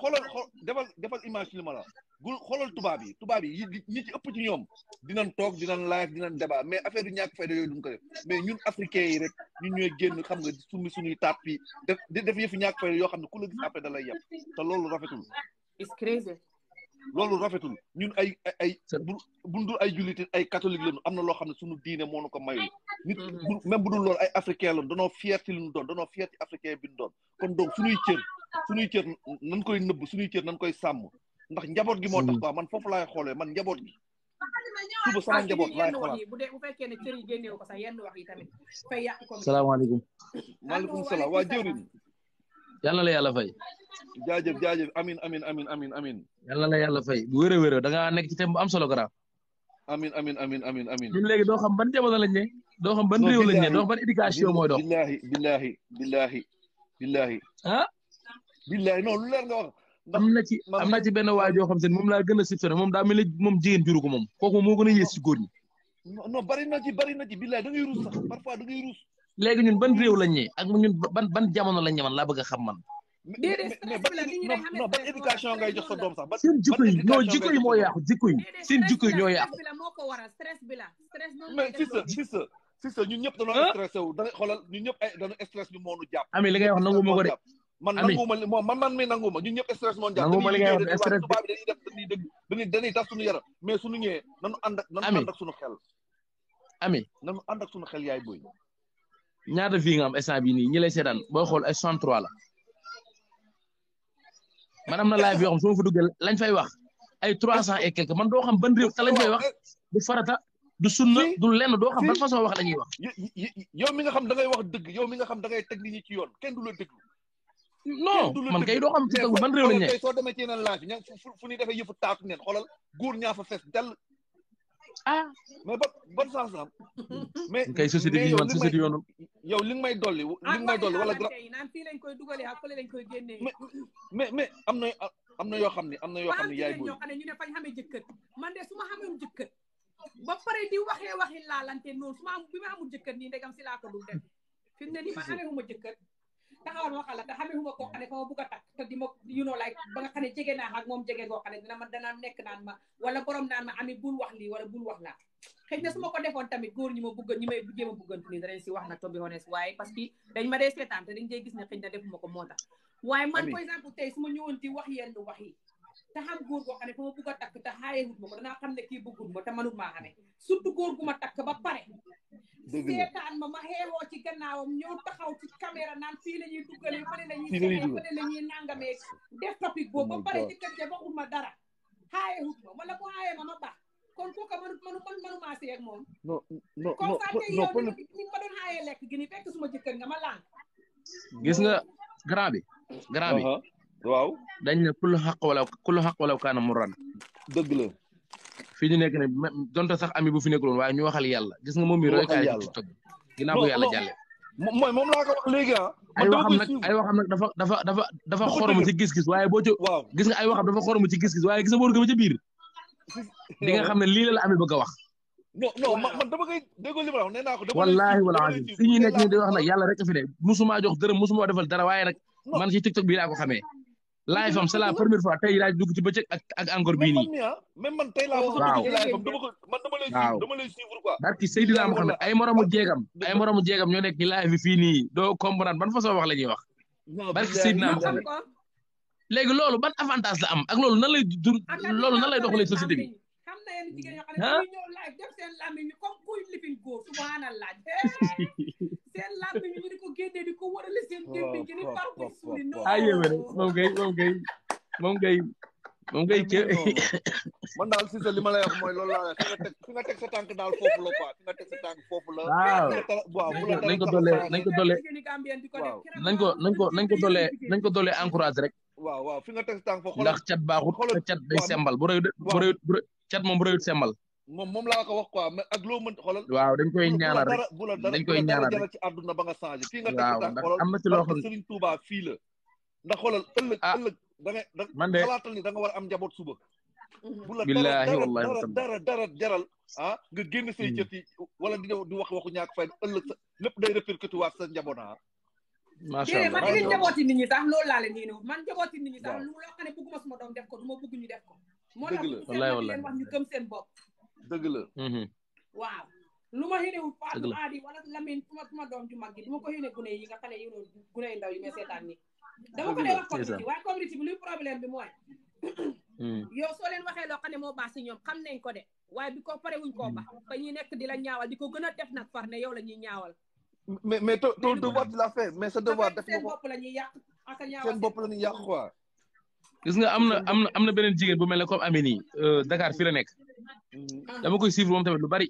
xoolal xool defal defal image li ma la gul xoolal tubaab yi tubaab yi ñi ci ëpp ci ñoom dina toog dinañ live dinañ débat mais affaire du ñàkk fayda yooyu duñ ko def mais ñun africains yi rek ñun ñooy génn xam nga summi suñuy taat fii def def yëfu ñàkk fayda yoo xam ne ku la gis après da lay yàpp te loolu rafetul. loolu rafetul ñun ay ay bu bu dul ay jullitin ay catholique lañu am na loo xam ne suñu diine moo nu ko mayul nit mm-hmm. même bu dul lool ay africain lañu danoo fier ci li doon danoo fier ci africain bi ñu doon kon donc suñuy cër suñuy cër nan koy nëbb suñuy cër nan koy sàmm ndax njaboot gi moo tax quoi mm-hmm. man foofu laay xoolee man njaboot gi suba sax njaboot laay xoolaat bu dee bu fekkee ne cër yenn wax yi tamit fay yàq ko salaamaaleykum maaleykum salaam waa jëwrin yàlla la yàlla fay. jaajëf jaajëf amin amin amin amin amin yàlla la yàlla fay bu wér a wér da ngaa nekk ci thème bu am solo grave. amin amin amin amin amin ñun léegi doo xam ban jamono lañ ne. doo xam ban réew lañ ne doo xam ban éducation mooy dox. billahi billahi billahi billahi ah. billahi non lu leer nga wax. am na ci am na ci benn waay joo xam seen moom laa gën a sipsone moom daa mel ni moom jigéen juru ko moom kooku moo gën a yées ci góor ñi. non non na ci léegi ñun ban réew lañ ñi ak ñun ban ban jamono lañ ñeman laa bëgg a xam man. déedéet non jox sa doom sax. ban seen jikko yi non moo yàqu jikko yi seen ñoo yàqu. mais si sa si sa si sa ñun ñëpp dañoo stressé wu da xoolal ñëpp ay dañoo stress ñu moonu jàpp. ami li ngay wax nangu ma ko de. man man man mi nanguma ñun ñëpp stress moo ñu jàpp. nanguma li ngay wax stress bi mais suñu ñëwee nanu ànd ak nanu ànd ak suñu xel. ami nanu ànd ak suñu xel yaay boy ñaata vie nga am instant bii nii ñi lay seetaan booy xool ay 63 la man am na live yoo xam su ma fa lañ fay wax ay 300 et quelque man doo xam ban réew te lañ fay wax du farata du sunna du lenn doo xam ban façon wax la ñuy wax. yow mi nga xam da wax dëgg yow mi nga xam da ngay teg nit ñi ci yoon kenn du la déglu. non man kay doo xam ban réew lañ nekk. soo demee ci yeneen laaj fu ñuy defee yëfu taatu neen xoolal góor ñaa ah mais ba ban sens la am. mais kay société bi man société yoonu. yow li nga may dolli li nga may dolli wala. naan fii lañ koy dugalee ak fële lañ koy génnee. mais mais mais am na am na yoo xam ne am na yoo xam ne yaay booy. ñu ne fañ xamee jëkkër man de su ma xamee jëkkër ba pare di waxee waxi laalante noonu su ma bi ma amul jëkkër nii ndegam si laa ko dul def fi mu ne nii man amee wu ma jëkkër. taxawal waxal la te xamee fu ma bugg a takk te di you know like ba nga xam jege naa ak jege goo dana nekk naan ma wala borom naan ma ami bul wax wala bul wax laa na su ko defoon tamit góor ñi ma bëggoon ñi may a wax nag to be waaye parce que dañ ma dee seetaan te dañ dee gis ne xëy na defuma ko moo tax waaye man par exemple tey su ma wax yenn wax yi te xam góor goo xam ne fa ma bugg a takk te xaayewut ma ko danaa xam ne kii bëggul ma te manut maa xame surtout góor gu ma takk ba pare seetaan ma ma xeexoo ci gannaawam ñëw taxaw ci caméra naan fii la ñuy duggalee fële la ñuy demee fële la ñuy nangamee def topic boobu ba oh pare jëkkër ja waxul ma dara xaayewut ma wala kon kooka manu manu moom non non lekk gi ni fekk suma jëkkër nga ma lànk gis nga grand bi uh-huh. waaw dañ ne kullu xaq wala kullu xaq wala kaana muran dëgg la fii ñu nekk ne donte sax ami bu fi nekkuloon waaye ñu waxal yàlla gis nga moom mi roy kaay ci TikTok ginnaaw mooy moom laa ko wax léegi ah ay waxam nag ay waxam nag dafa dafa dafa dafa xoromu ci gis-gis waaye boo ci waaw gis nga ay waxam dafa xoromu ci gis-gis waaye gis nga bóor ga ba ca biir di nga xam ne lii la la ami bëgg a wax non non man dama koy déggoo li ma wax nekk ni di yàlla rek a fi ne musumaa jox dërëm musumaa defal dara waaye nag man ci TikTok bi laa ko xamee live am c'est la première fois tey laaj dugg ci bëccëg nii. même man a dama ko man dama lay suivre dama lay suivre quoi. barki Seydina Mohamed ay moromu jeegam ay moromu jeegam ñoo nekk ci live fii nii doo comprendre ban façon wax la ñuy wax. barki Seydina Mohamed léegi loolu ban avantage la am ak loolu nan lay du loolu nan lay doxalee société na yenn jigéen yoo xam ne dañuy ñëw live def seen làmmiñ ñu comme kuy lifin góor subhanallah seen làmmiñ ñu di ko génnee di ko warale seen oh, gémmiñ gi di oh, parku oh, suuli noonu ah yéeme rek moom ngay moom ngay moom ngay moom ngay cë man daal si sa li ma lay wax mooy loolu laa la fi nga teg fi nga teg sa tànk daal foofu la quoi fi nga teg sa tànk foofu la waaw nañ ko dolee nañ ko dolee nañ ko nañ ko nañ ko dolee nañ ko dolee encourage rek waaw waaw fi nga teg sa tànk foofu ndax cat baaxut cat day sembal bu rëy bu rëy cat moom rëyut semmal moom moom laa ko wax quoi mais ak loo mën xoolal. waaw dañ koy ñaanal rek dañ koy ñaanal rek ci àdduna ba nga changé. fii nga teg na ci loo xam ne Serigne Touba fii la. ndax xoolal ëllëg ah. ëllëg. da ngay da ni da war a am njaboot suba. Mhm. bu dara dara jaral ah ga génn say hmm. cët yi wala di di wax waxu ñàkk fay ëllëg lép lépp day répercuté waat sa njaboot ah. macha allah man ñi sax loolu laa leen yéene man njabooti nit ñi sax lu ñu def ko moo tax leen wax ñu gëm seen bopp mm-hmm. lu ma xénewul Fatou Adi wala Lamine su ma su ma doom ju mag ji du ma ko xéne gune yi nga xale yi noonu gune yi ndaw yi may seetaan nii dama ko dee wax community waaye community bi luy problème bi mooy mm-hmm. yow soo leen waxee loo moo baax si ñoom xam nañ ko de waaye bi ko pare wuñ koo baax ba mm-hmm. ñuy nekk di la ñaawal di ko gën a def nag far ne yow la ñuy ñaawal mais mais ton devoir tu l'as fait mais sa devoir def nga seen bopp la ñuy yàq ak gis nga am na am na am na beneen jigéen bu mel ne comme Amini euh, Dakar fii la nekk mm. dama koy suivre moom tamit lu bari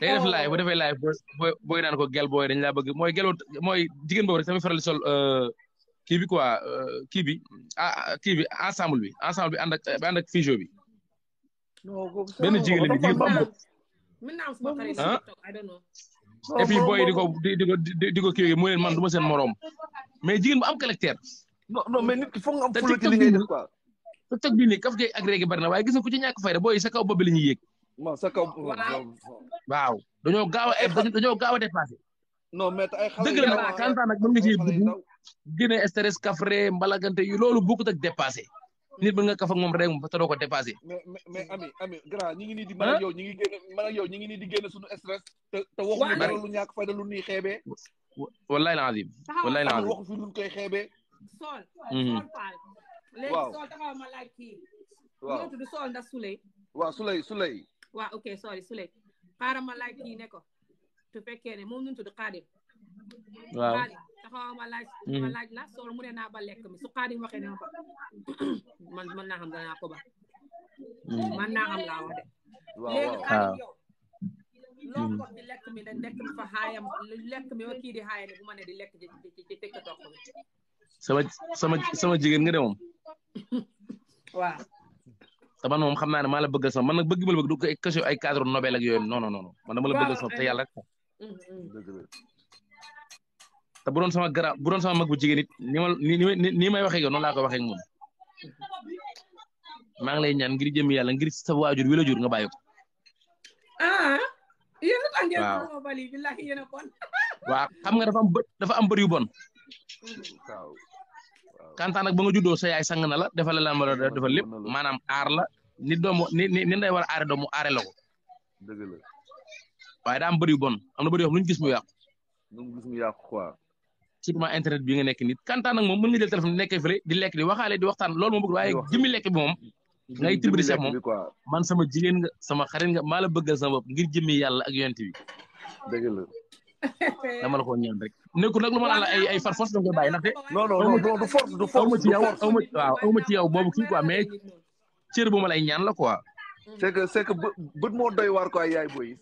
day def oh. live bu defee live booy booy naan ko gel booy dañ laa bëgg mooy gel mooy jigéen boobu rek tamit faral di sol euh, kii bi quoi euh, kii bi ah, ah kii bi ensemble bi ensemble bi ànd ak ànd fijo bi benn jigéen la ni jigéen bu am ah et puis booy di ko di ko di moo man du ma seen moroom mais jigéen bu am caractère non non mais nit ki foog nga am kaf gi ak réegi na waaye gis nga ku ci ñàkk fayda booy sa kaw bopp la ñuy yéeg. non sa kaw. waaw dañoo gaaw a dañoo gaaw a dépassé. non mais ay xale dëgg la kanta nag mën nga cee dugg gën a stress kafre loolu bokkut ak dépassé. nit mën ami ami grand ñi ngi nii di. Ah? man ak yow ñi ngi génn man ak yow ñi ngi nii wallahi la azim wallahi la azim waxu fi sol mhm. sol paal léegi sol taxaw ma laaj kii waaw moo tudd sol ndax suley waaw suley suley waaw ok sorry suley xaaral ma laaj kii ne ko tu fekkee ne moom nu tu xaadim waaw xaadim taxaw ma laaj ma mhm. laaj la sol mu ne naa ba lekk mi su xaadim waxee ne ma ba man mën naa xam mhm. naa xam laa wax de léegi xaadim ah. yow loo ko di lekk mi da lekk mi lekk mi wa kii di xaaya ne bu ma ne di lekk ci ci ci mi sama sama sama jigéen nga de moom. waaw. te man moom xam naa ne maa la bëggal sama man nag bëgg ma la ay cadre Nobel ak yooyu non non non bëgga dama te yàlla rek. te bu doon sama gara bu doon sama mag bu jigéen it ni ma ni ni may waxee yow laa ko waxee ak ngi lay ñaan ngir jëm yàlla ngir sa waajur wi la jur nga bàyyi ko. Ah, xam nga dafa am bë dafa am bër yu bon. kantaan nag ba nga juddoo sa yaay sang na la defal la lam war a defal lépp maanaam aar la ni doomu ni ni nday war a aare doomu aare la ko. dëgg la. waaye daa am bëri bon am na bëri lu ñu gis mu yàqu. lu ñu gis mu yàqu quoi. surtout ma internet bi nga nekk nit kantaan nag moom mën nga jël téléphone di nekkee fële di lekk di waxaale di waxtaan loolu moom bëgg waaye jëmi lekk bi moom. ngay tibri sax moom man sama jigéen nga sama xarit nga maa la bëggal sama bopp ngir jëmi yàlla ak yonent bi. dëgg la. dama la ko ñaan rek nekkul nag lu ma la ay ay far force da nga koy bàyyi ndaxte. non non non aw ma ci yow waaw aw ma ci ñaan la quoi. c'est que bët moo doy waar ni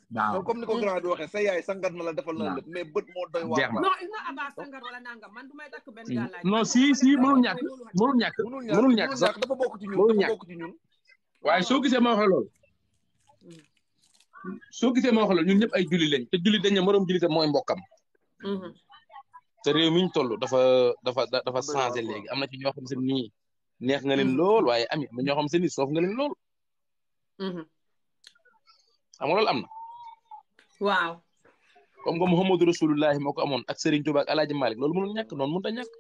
ko mm. grand di waxee sa yaay la defal na lépp mais bët moo doy waar. jeex na mm. si si mënul ñàkk mënul ñàkk. mënul ñàkk dafa bokk ñun dafa bokk ci ñun. soo gisee ma wax la ñun ñëpp ay julli lañ te julli dañ ne moroom julli tam mooy mbokkam. Mm-hmm. te réew mi ñu toll dafa dafa dafa changé léegi am na ci ñoo xam se neex nga leen mm-hmm. lool waaye am na ñoo xam se nii soof nga leen lool. Mm-hmm. xam nga loolu am na. waaw. comme que Mouhamadou Rasulullahi moo ko amoon ak Serigne Touba ak El Hadj Malick loolu mënul ñàkk noonu mënut a ñàkk.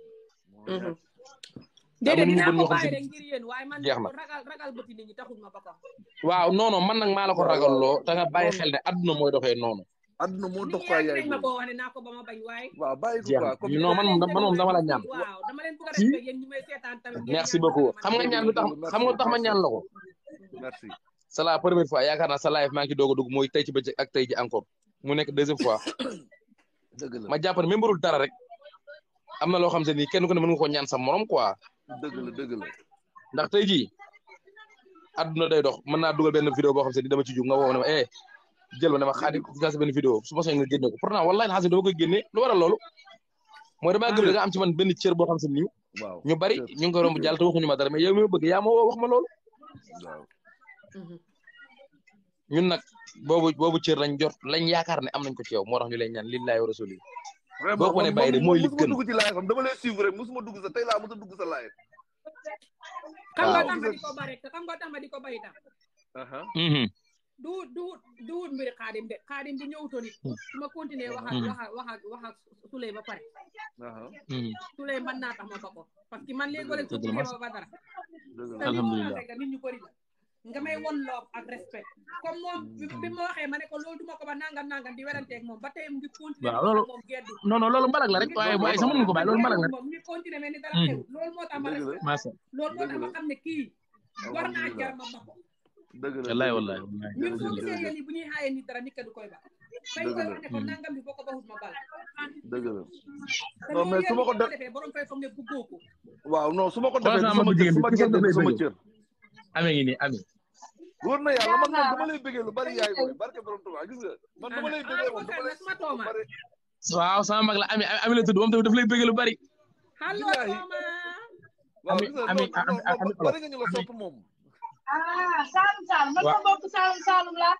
déedéet dinaa ko man ragal ma boppam waaw non man nag maa la ko ragalloo te nga bàyyi xel ne adduna mooy doxee noonu adduna moo dox quoi ma ko man man moom dama la ñaan waaw dama merci beaucoup xam nga ñaan lu tax xam nga lu tax ma ñaan la ko merci c'est fois yaakaar naa sa live maa ngi doog tey ci bëccëg ak tey ji encore mu nekk deuxième fois dëgg la ma jàpp ne même dara rek am na loo xam ne nii kenn ku ne mën nga ko ñaan sa morom quoi dëgg la dëgg la. ndax tey jii adduna day dox mën naa dugal benn vidéo bo xam se ni dama ci jug nga woo ne eh, jël ma ne ma xaadi gis benn vidéo su ma soxee nga génne ko pourtant wallahi xaalis dama koy génne lu waral loolu. mooy damaa gëm da nga am ci man benn cër boo xam se ni. waaw ñu bari ñu ngi ko romb jàll te waxuñu ma dara mais yow mi bëgg yaa ma wax ma loolu. waaw. ñun nag boobu boobu cër lañ jot lañ yaakaar ne am nañ ko ci yow moo tax ñu lay ñaan lillahi wa soli boo ko mënee bàyyi de mooy li gën dugg ci laay xam dama lay suivre rek musuma dugg sa tey laa mos a dugg sa laay. xam nga tax di ko bari xam nga tax ma di ko bari uh-huh. mm-hmm. du du du wut mbiri xaadim de xaadim bu ñëwutoon it. Mm. su ma continuer mm-hmm. wax ak wax ak wax ak Souley ba pare. Uh-huh. Mm-hmm. Souley mën naa tax ma ba ko parce que man léegi rek su ma ba dara. alhamdulilah nga may won loob ak respect comme moom bi ma waxee ma ne ko loolu duma ko ba nangam nangam di weranteeg moom ba tey mu ngi continuer waaw loolu non non loolu mbalag la rek waaye waaye sax mën nga ko bàyyi loolu mbalag la moom ngi continuer mais ni dara xew loolu moo tax ma respect loolu moo tax ma xam ne kii war naa jar ma ma ko dëgg la wallaay wallaay ñun soo gisee yéen bu ñuy xaayee ni dara nit ka du koy ba fañ koy wax ne ko hmm. nangam bi boo ko baxut ma bal dëgg la non mais su ma ko defee borom fay foog ne bëggoo ko waaw non su ma ko defee sama cër sama cër amee ngi nii amee wóor na yàlla man man dama lay bëggee lu bari yaay booy barke borom Tuubaa gis nga man dama lay bëggee lu ah, bari. waaw sama mag la ami ami la tudd moom tamit daf lay bëggee lu bari. allo Toma. waaw gis nga loolu bari nga ñu la sopp moom. ah Saalum Saalum man ma bokk Saalum Saalum laa.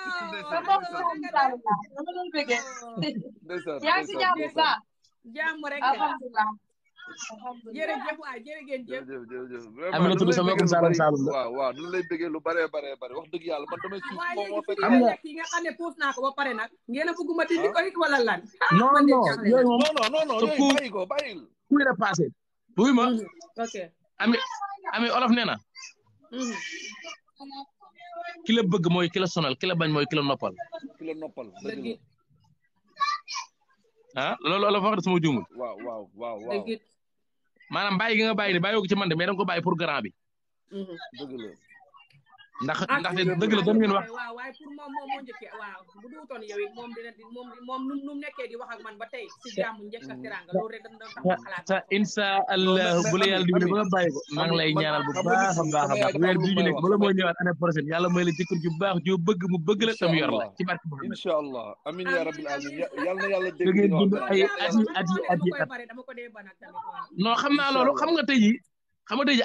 Ah, ma bokk Saalum Saalum laa dama lay bëggee. yaa ngi si jàmm bu baax. jàmm rek alhamdulilah. jërëjëf waay jërëngeen jëf jërëjëf vraiment du waaw waaw dañu lay bëggee lu bare bare bare wax dëgg yàlla man damay suuf moom moo fekk yi nga xam ne puus naa ko ba pare nag ngeen a bëgguma dindi ah. ko it wala lan non non yooyu moom non non non yooyu mm-hmm. ami ami olof nee na mm-hmm. ki la bëgg mooy ki la bañ mooy ki la noppal ki ah loolu wax de sama juumul waaw waaw waaw maanaam bàyyi gi nga bàyyi ni bàyyi ko ci man de mais da nga bi. Mhm. dëgg la ndax ah, ndax dëgg la doon ngeen wax waaw waaye pour moom moom moo njëkkee waaw man ba tey si jàmm njëkk ak teraanga loolu rek dañ bu la maa ngi lay ñaanal bu baax a baax a baax weer bii ñu bala moo ñëwaat année prochaine yàlla may la jëkkër ju baax joo bëgg mu bëgg la tam yor la ci barke bu incha allah amin ya rabbil alamin yal na yàlla dégg ngeen dund xam naa loolu xam nga tey yi xam nga tey yi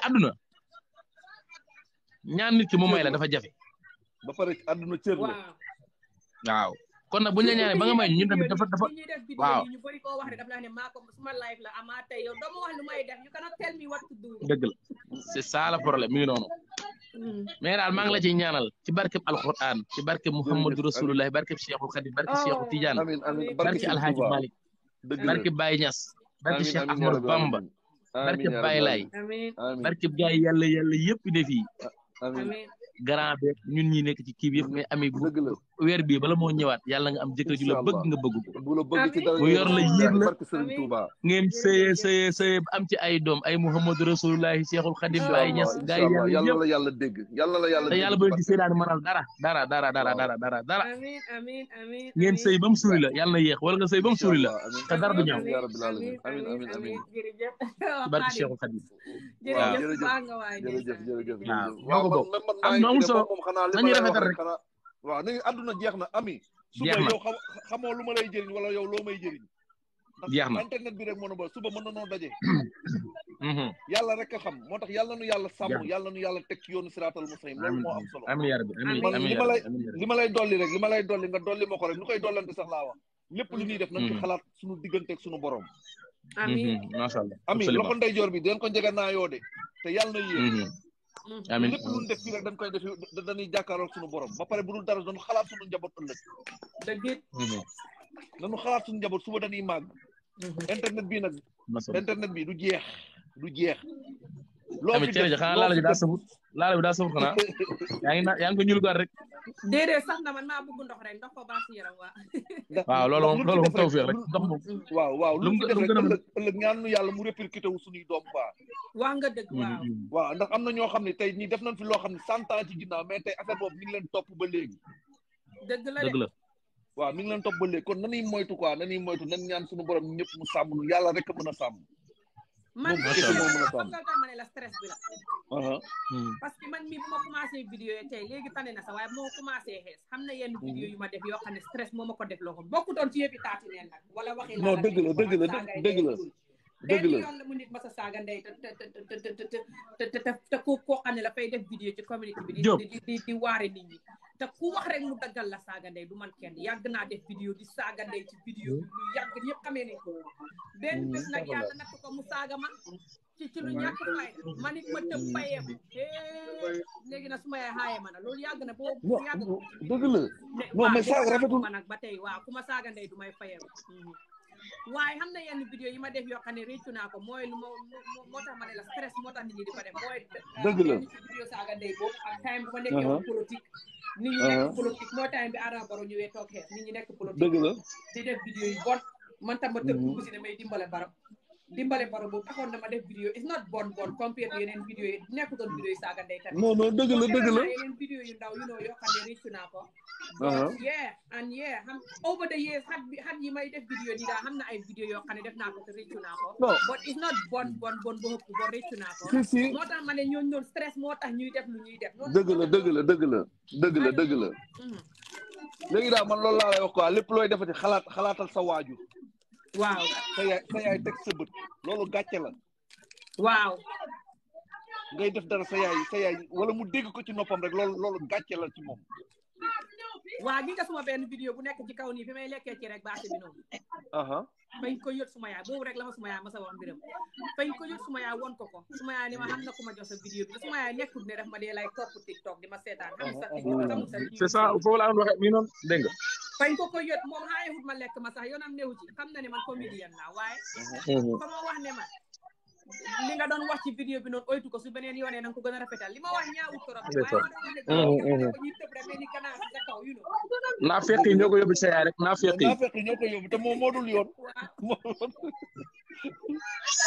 ñaan nit ki mu may la dafa jafe. ba pare àdduna cër la. waaw kon nag bu ñu ba nga may ñun dafa dafa. waaw ñu bëri koo wax ne dafa laa ne maa ma wax lu may def you cannot tell me what to la c'est ça le problème mi ngi noonu. Mm. mais daal maa ngi la ciy ñaanal ci barkeb alquran ci barkeb Muhammadu Rasulullah barkeb Cheikhul Khadim barke Cheikhu oh. Tidiane barke Alhaji Malick barke Baye Niass barke Cheikh Ahmadou Bamba barke Baye Laye barke gaay yàlla yàlla yëpp amiin grand beeg ñun ñi nekk ci kii bi yëpp mais ami. dëgg la weer bii bala moo ñëwaat yàlla nga am jëkkër ju la bëgg nga bëgg ko mu yor la yiir la ngeen sëyee sëyee sëyee am ci ay doom ay Muhammadu Rasulullahi Cheikhul Khadim Baay Ñas gaa yi yàlla la yàlla dégg yàlla la yàlla te yàlla bu leen ci sëydaan mënal dara dara dara dara dara dara dara ngeen sëy ba mu suuri la yàlla na yéex wala nga sëy ba mu suuri la te dara du ñaaw amiin amiin amiin barke Cheikhul Khadim waaw jërëjëf jërëjëf jërëjëf waaw ñoo ko bokk am na amul solo nañu rafetal waaw nañu àdduna jeex na ami jeex na suba yow xamoo lu ma lay jëriñ wala yow loo may jëriñ. jeex na internet bi rek moo na ba suba mën na noo daje. Mhm. yàlla rek a xam moo tax yàlla nu yàlla sàmm yàlla nu yàlla teg yoonu siraatal mustaqim loolu moo am solo amiin yaa ma lay li ma dolli rek li ma lay dolli nga dolli ma ko rek nu koy dollante sax laawa wax lépp lu ñuy def nañ ci mhm. xalaat suñu digganteeg suñu borom amiin mhm, macha allah amiin loxo ndeyjoor bi den ko njega naa yoo de te yàlla na yéen amiin lépp lu ñu def fii rek dañ koy def dañuy jàkkaarloog suñu borom ba pare bu dul dara dañu xalaat suñu njaboot ëllëg. dëgg it. dañu xalaat suñu njaboot suba dañuy màgg. internet bi nag. internet bi du jeex du jeex. loo fi def xanaa laala bi daa safut laala bi daa safut xanaa yaa ngi yaa ngi ko ñulgaat rek. déedéet sax na man maa bëgg ndox ndox ko baax si yaram waa. waaw loolu moom loolu moom waaw waaw lu mu def rek ëllëg yàlla mu répercuté wu suñuy doom quoi. wax nga dëgg mm-hmm. waaw. waaw ndax am na ñoo xam ne tey ñii def na fi loo xam ne cent ans ci ginnaaw mais tey affaire boobu mi ngi leen topp ba léegi. dëgg la la. waaw mi ngi leen topp ba léegi kon nanuy moytu quoi nanuy moytu nan ñaan suñu borom ñëpp mu sàmm yàlla rek mën a sàmm man ma ne la stress bi la parce que man mi bu ma commencé vidéo yi tey léegi tane na sa waaye moo commencé xees xam na yenn vidéo yu ma def yoo xam ne stress moo ma ko def loo ko bokkutoon doon yëppi taati neen nag wala waxi non dëgg la dëgg la dëgg la dëgg la yoon la mu nit ma sa saaga ndey te te te te te te te te te koo xam ne la fay def bi di di di waare te ku wax rek mu daggal la saaga ndey du man kenn yàgg naa def vidéo di saaga ndey ci vidéo bi lu yàgg ñëpp xamee nañ ko benn mm, bés nag saaga ma ci ci lu mm. ñàkk fay ma nit ma tëb fayee ko léegi nag su yaay xaayee ma na loolu yàgg na boo yàgg dëgg la non mais saaga rafetul ma nag ba tey waaw ku ma saaga ndey du may fayee ko mm-hmm. waaye xam na yenn vidéo yi ma def yoo xam ne réccu naa ko mooy lu moo moo tax ma ne la stress moo tax nit ñi di ko def mooy dëgg la saaga ndey boobu ak time bu ma nekkee politique nit ñi nekk uh-huh. politique moo tax bi Adama Barrow ñëwee toog xeer nit ñi nekk politique. dëgg la di def vidéo yu bon man tam ma tëb mm-hmm. dugg si damay dimbale Barrow dimbale baro boobu taxoon na ma def vidéo it's not bon bon compared to yeneen vidéo yi nekkutoon vidéo yi saaga ndey tamit. non non dëgg la dëgg la yeneen vidéo yu ndaw yu noo yoo xam ne réccu naa ko. Uh-huh. yeah and yeah xam over the years xat bi xat yi may def vidéo yi daal xam na ay vidéo yoo xam ne def naa ko te réccu naa ko. non but it's not bon bon bon ba ëpp ba réccu naa ko. si si moo tax ma ne ñooñu noonu stress moo tax ñuy def lu ñuy def. dëgg la dëgg la dëgg la dëgg la dëgg mm. la. léegi daal man loolu laa lay wax quoi lépp looy defati xalaat xalaatal sa waajur. waaw sa yaay sa yaay teg sa bët loolu gàcce la. waaw. ngay def dara sa yaay sa yaay wala mu dégg ko ci noppam rek loolu loolu gàcce la ci moom. waaw ñu nga suma benn vidéo bu nekk ci kaw nii fi may lekkee ci rek baate bi noonu. fañ ko yót suma yaay boobu rek la ma suma yaay ma sa wax bi fañ ko yót suma yaay won ko ko suma yaay ni ma xam na ku ma jox sa vidéo bi te suma yaay ma dee lay topp TikTok di ma seetaan. xam sa TikTok oh, oh, oh. c'est la am waxee mi noonu bañ ko ko yot moom xaaye xut ma lekk ma sax yoonam néew ci xam na ne man comédienne la waaye. sama wax ne ma li nga doon wax ci vidéo bi noonu oytu ko su beneen yoonee mm-hmm, mm-hmm. yi ñoo ko yóbbu sa rek naa fekk yi naa fekk ko yóbbu te moom moo dul yoon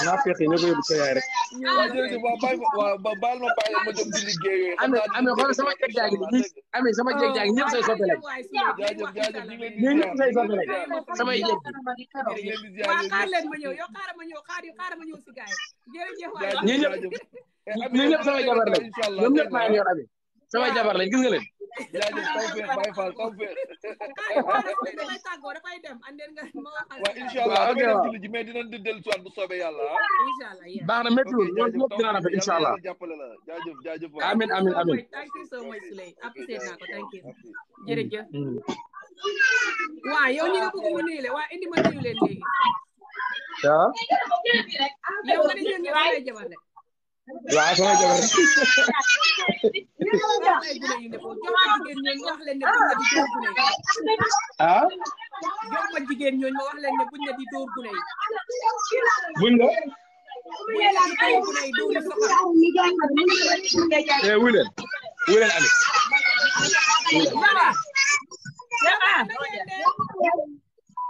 naa fekk yi ñoo ko yóbbu sa yaay rek waaw jërëjëf waaw bàyyi ma waaw baal ma bàyyi ma jëm di liggéey yooyu amee amee xoolal sama jeg jaagi bi amee sama jeg jaagi ñëpp say soppe lañ jaajëf jaajëf ñu ngi leen say soppe lañ jërëjëf waay ñii ñëpp ñii ñëpp samay jabar lañ ñoom ñëpp maa ngi yor abi samay jabar lañ gis nga leen. jaajëf tawfeex Baye Fall tawfeex. dafay dem andeen nga ma waxal. waaw incha allah ok waaw julli ji mais dinañ di dellu bu soobee yàlla. Ah. incha allah baax na méttiwul ñoom ñëpp dina rafet incha allah. jàppale la jaajëf jaajëf. amiin amiin amiin. thank you so much Souley apprécié naa ko thank you. jërëjëf. Mm. waaw yow ñi nga bëgg mu nuyu leen waa indi ma nuyu leen léegi. ah. yow nga ne ñoom ñëpp ay jabar de. waaw sama jabar. ah. jox ma jigéen ñooñu ma wax leen ne buñ ne di dóor gune yi. buñ la. eh wuy leen wuy leen Aliou.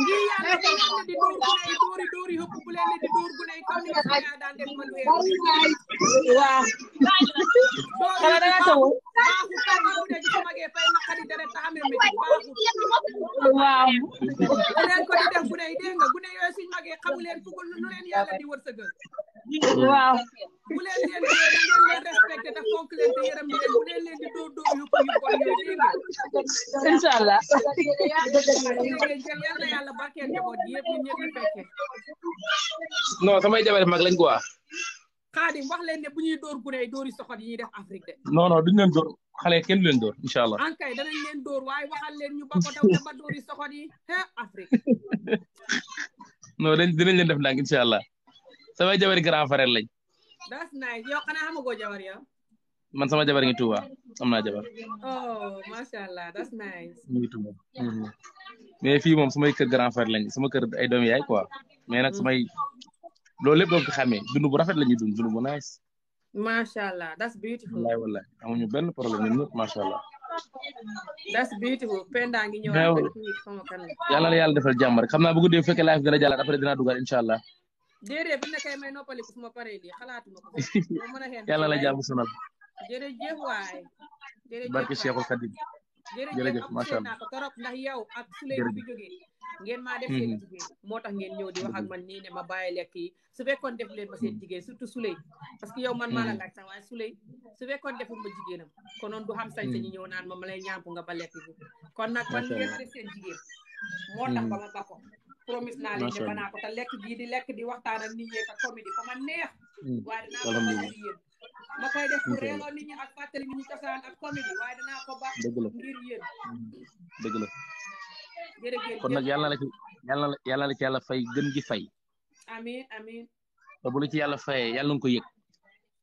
ngir yàlla bu leen di dóor gune yi dóori dóori hëpp bu leen di dóor waaw xala da nga taw baaxu kan bu dee ci magee fay naqari waaw bu leen ko di def Mm. waaw bu leen leen bu leen leen respecté te di dóor dóor yu na samay jabar mag lañ quoi xaadim wax leen ne bu ñuy dóor gune yi dóor yi soxot yi def Afrique de non non duñu leen dóor xale kenn du leen dóor incha allah ankay danañ leen dóor waaye waxal leen ñu ba ko daw yi soxot yi he Afrique non dinañ leen def ndànk incha allah sama jabar grand frère lañ. that's nice man sama jabar ngi Touba am naa jabar. oh macha allah that's mu ngi Touba mais fii moom samay kër grand frère lañ sama kër ay doom yaay quoi mais nag samay loolu lépp doon ko xamee dund bu rafet la ñuy dund dund bu nice. macha allah that's beautiful. wallaay wallaay amuñu benn problème ñun ñëpp macha allah. ngi ñëw. yàlla na yàlla defal jàmm rek xam naa bu déedéet bu nekkee may noppaliku fu ma paree lii xalaatuma ko. yàlla la jàmm sunal. jërëjëf waay. jërëjëf barke Cheikhul Khadim. jërëjëf macha allah jërëjëf naa ko trop ndax yow ak su bi ngeen maa def mhm. moo tax ngeen ñëw di wax ak mhm. man nii ne ma bàyyi lekk yi su fekkoon def leen ma seen mhm. jigéen surtout Souley parce que yow man maa la laaj sax waaye Souley su fekkoon defu ma jigéenam konoon du xam sañ sañu ñëw naan ma ma lay ñaan ko nga ba lekk bi kon nag man ngeen def seen jigéen moo tax ba ma ba ko promise naa leen ne banaa ko te lekk gii di lekk di waxtaan a nit ñi ak comédie ma neex mm. waaye dinaa ko baax yéen ma koy def pour reeloo nit ñi ak fàttali nit ñi cosaan ak comédie waaye danaa ko baax ngir yéen dëgg la jërëjëf kon nag yàlla na la ci yàlla la ci fay gën gi fay amin amin ci yàlla fayee yàlla nga ko yëg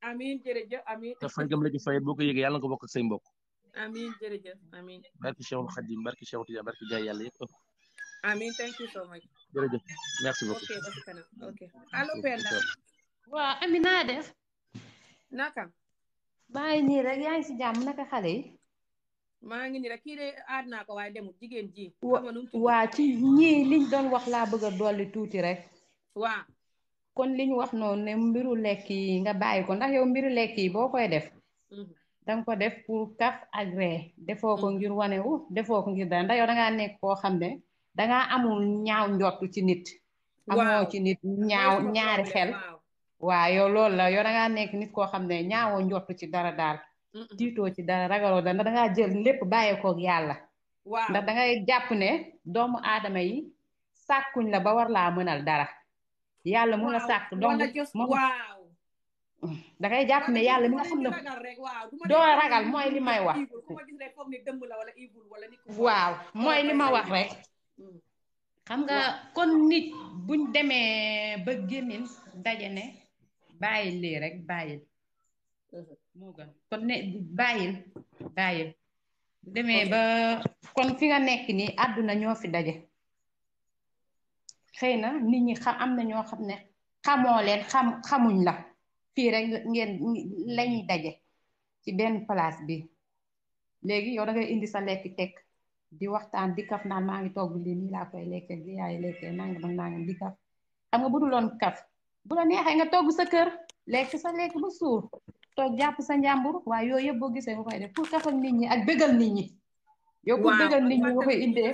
amin jërëjëf amin te fay gëm la ci fayee boo ko yëgee yàlla ko bokk ak say mbokk amin jërëjëf amin barki Cheikhul Khadim barki Cheikh Tidiane barki jaay yàlla yëpp amiin thank you so much. jërëjëf merci beaucoup ok Ami naa def. naka. bàyyi nii rek yaa ngi si jàmm naka xale yi. maa ngi nii rek kii naa ko waaye demul jigéen ji. waa ci ñii liñ doon wax laa bëgg a dolli tuuti rek. waa kon liñ wax noonu ne mbiru lekk nga bàyyi ko ndax yow mbiru lekk yi boo koy def. Mm-hmm. danga ko def pour kaf ak ree defoo ko mm-hmm. ngir wane wu defoo ko ngir dara ndax yow dangaa nekk koo xam ne. dangaa amul ñaaw njott ci nit amoo ci nit ñaaw ñaari xel waaw yow la yow dangaa nekk nit koo xam ne ñaawoo njott ci dara daal tiitoo ci dara ragaloo dara ndax dangaa jël lépp bàyyeekook yàlla waaw ndax dangay jàpp ne doomu aadama yi sàkkuñ la ba war laa mënal dara yàlla mu la sàkk donc moom dangay jàpp ne yàlla mi nga xam ne ragal mooy li may wax waaw mooy li ma xam nga kon nit buñ demee ba gémmiñ daje ne bàyyil lii rek bàyyil uh-huh. moo bàyyil bàyyil demee ba kon fi nga nekk ni àdduna ñoo fi daje xëy na nit ñi xam na ñoo xam ne xamoo xam xamuñ la fii rek ngeen lañuy daje ci benn place bi léegi yow da indi sa lekk tekk di waxtaan di kaf naan maa ngi togg lii nii laa koy yaay lii laay lekkee nangam ak nangam di kaf xam nga bu loon kaf bu la neexee nga togg sa kër lekk sa lekk ba suur toog jàpp sa njàmbur waaye yooyu yëpp boo gisee nga koy def pour kafal nit ñi ak bégal nit ñi yow pour bégal nit ñi nga koy indee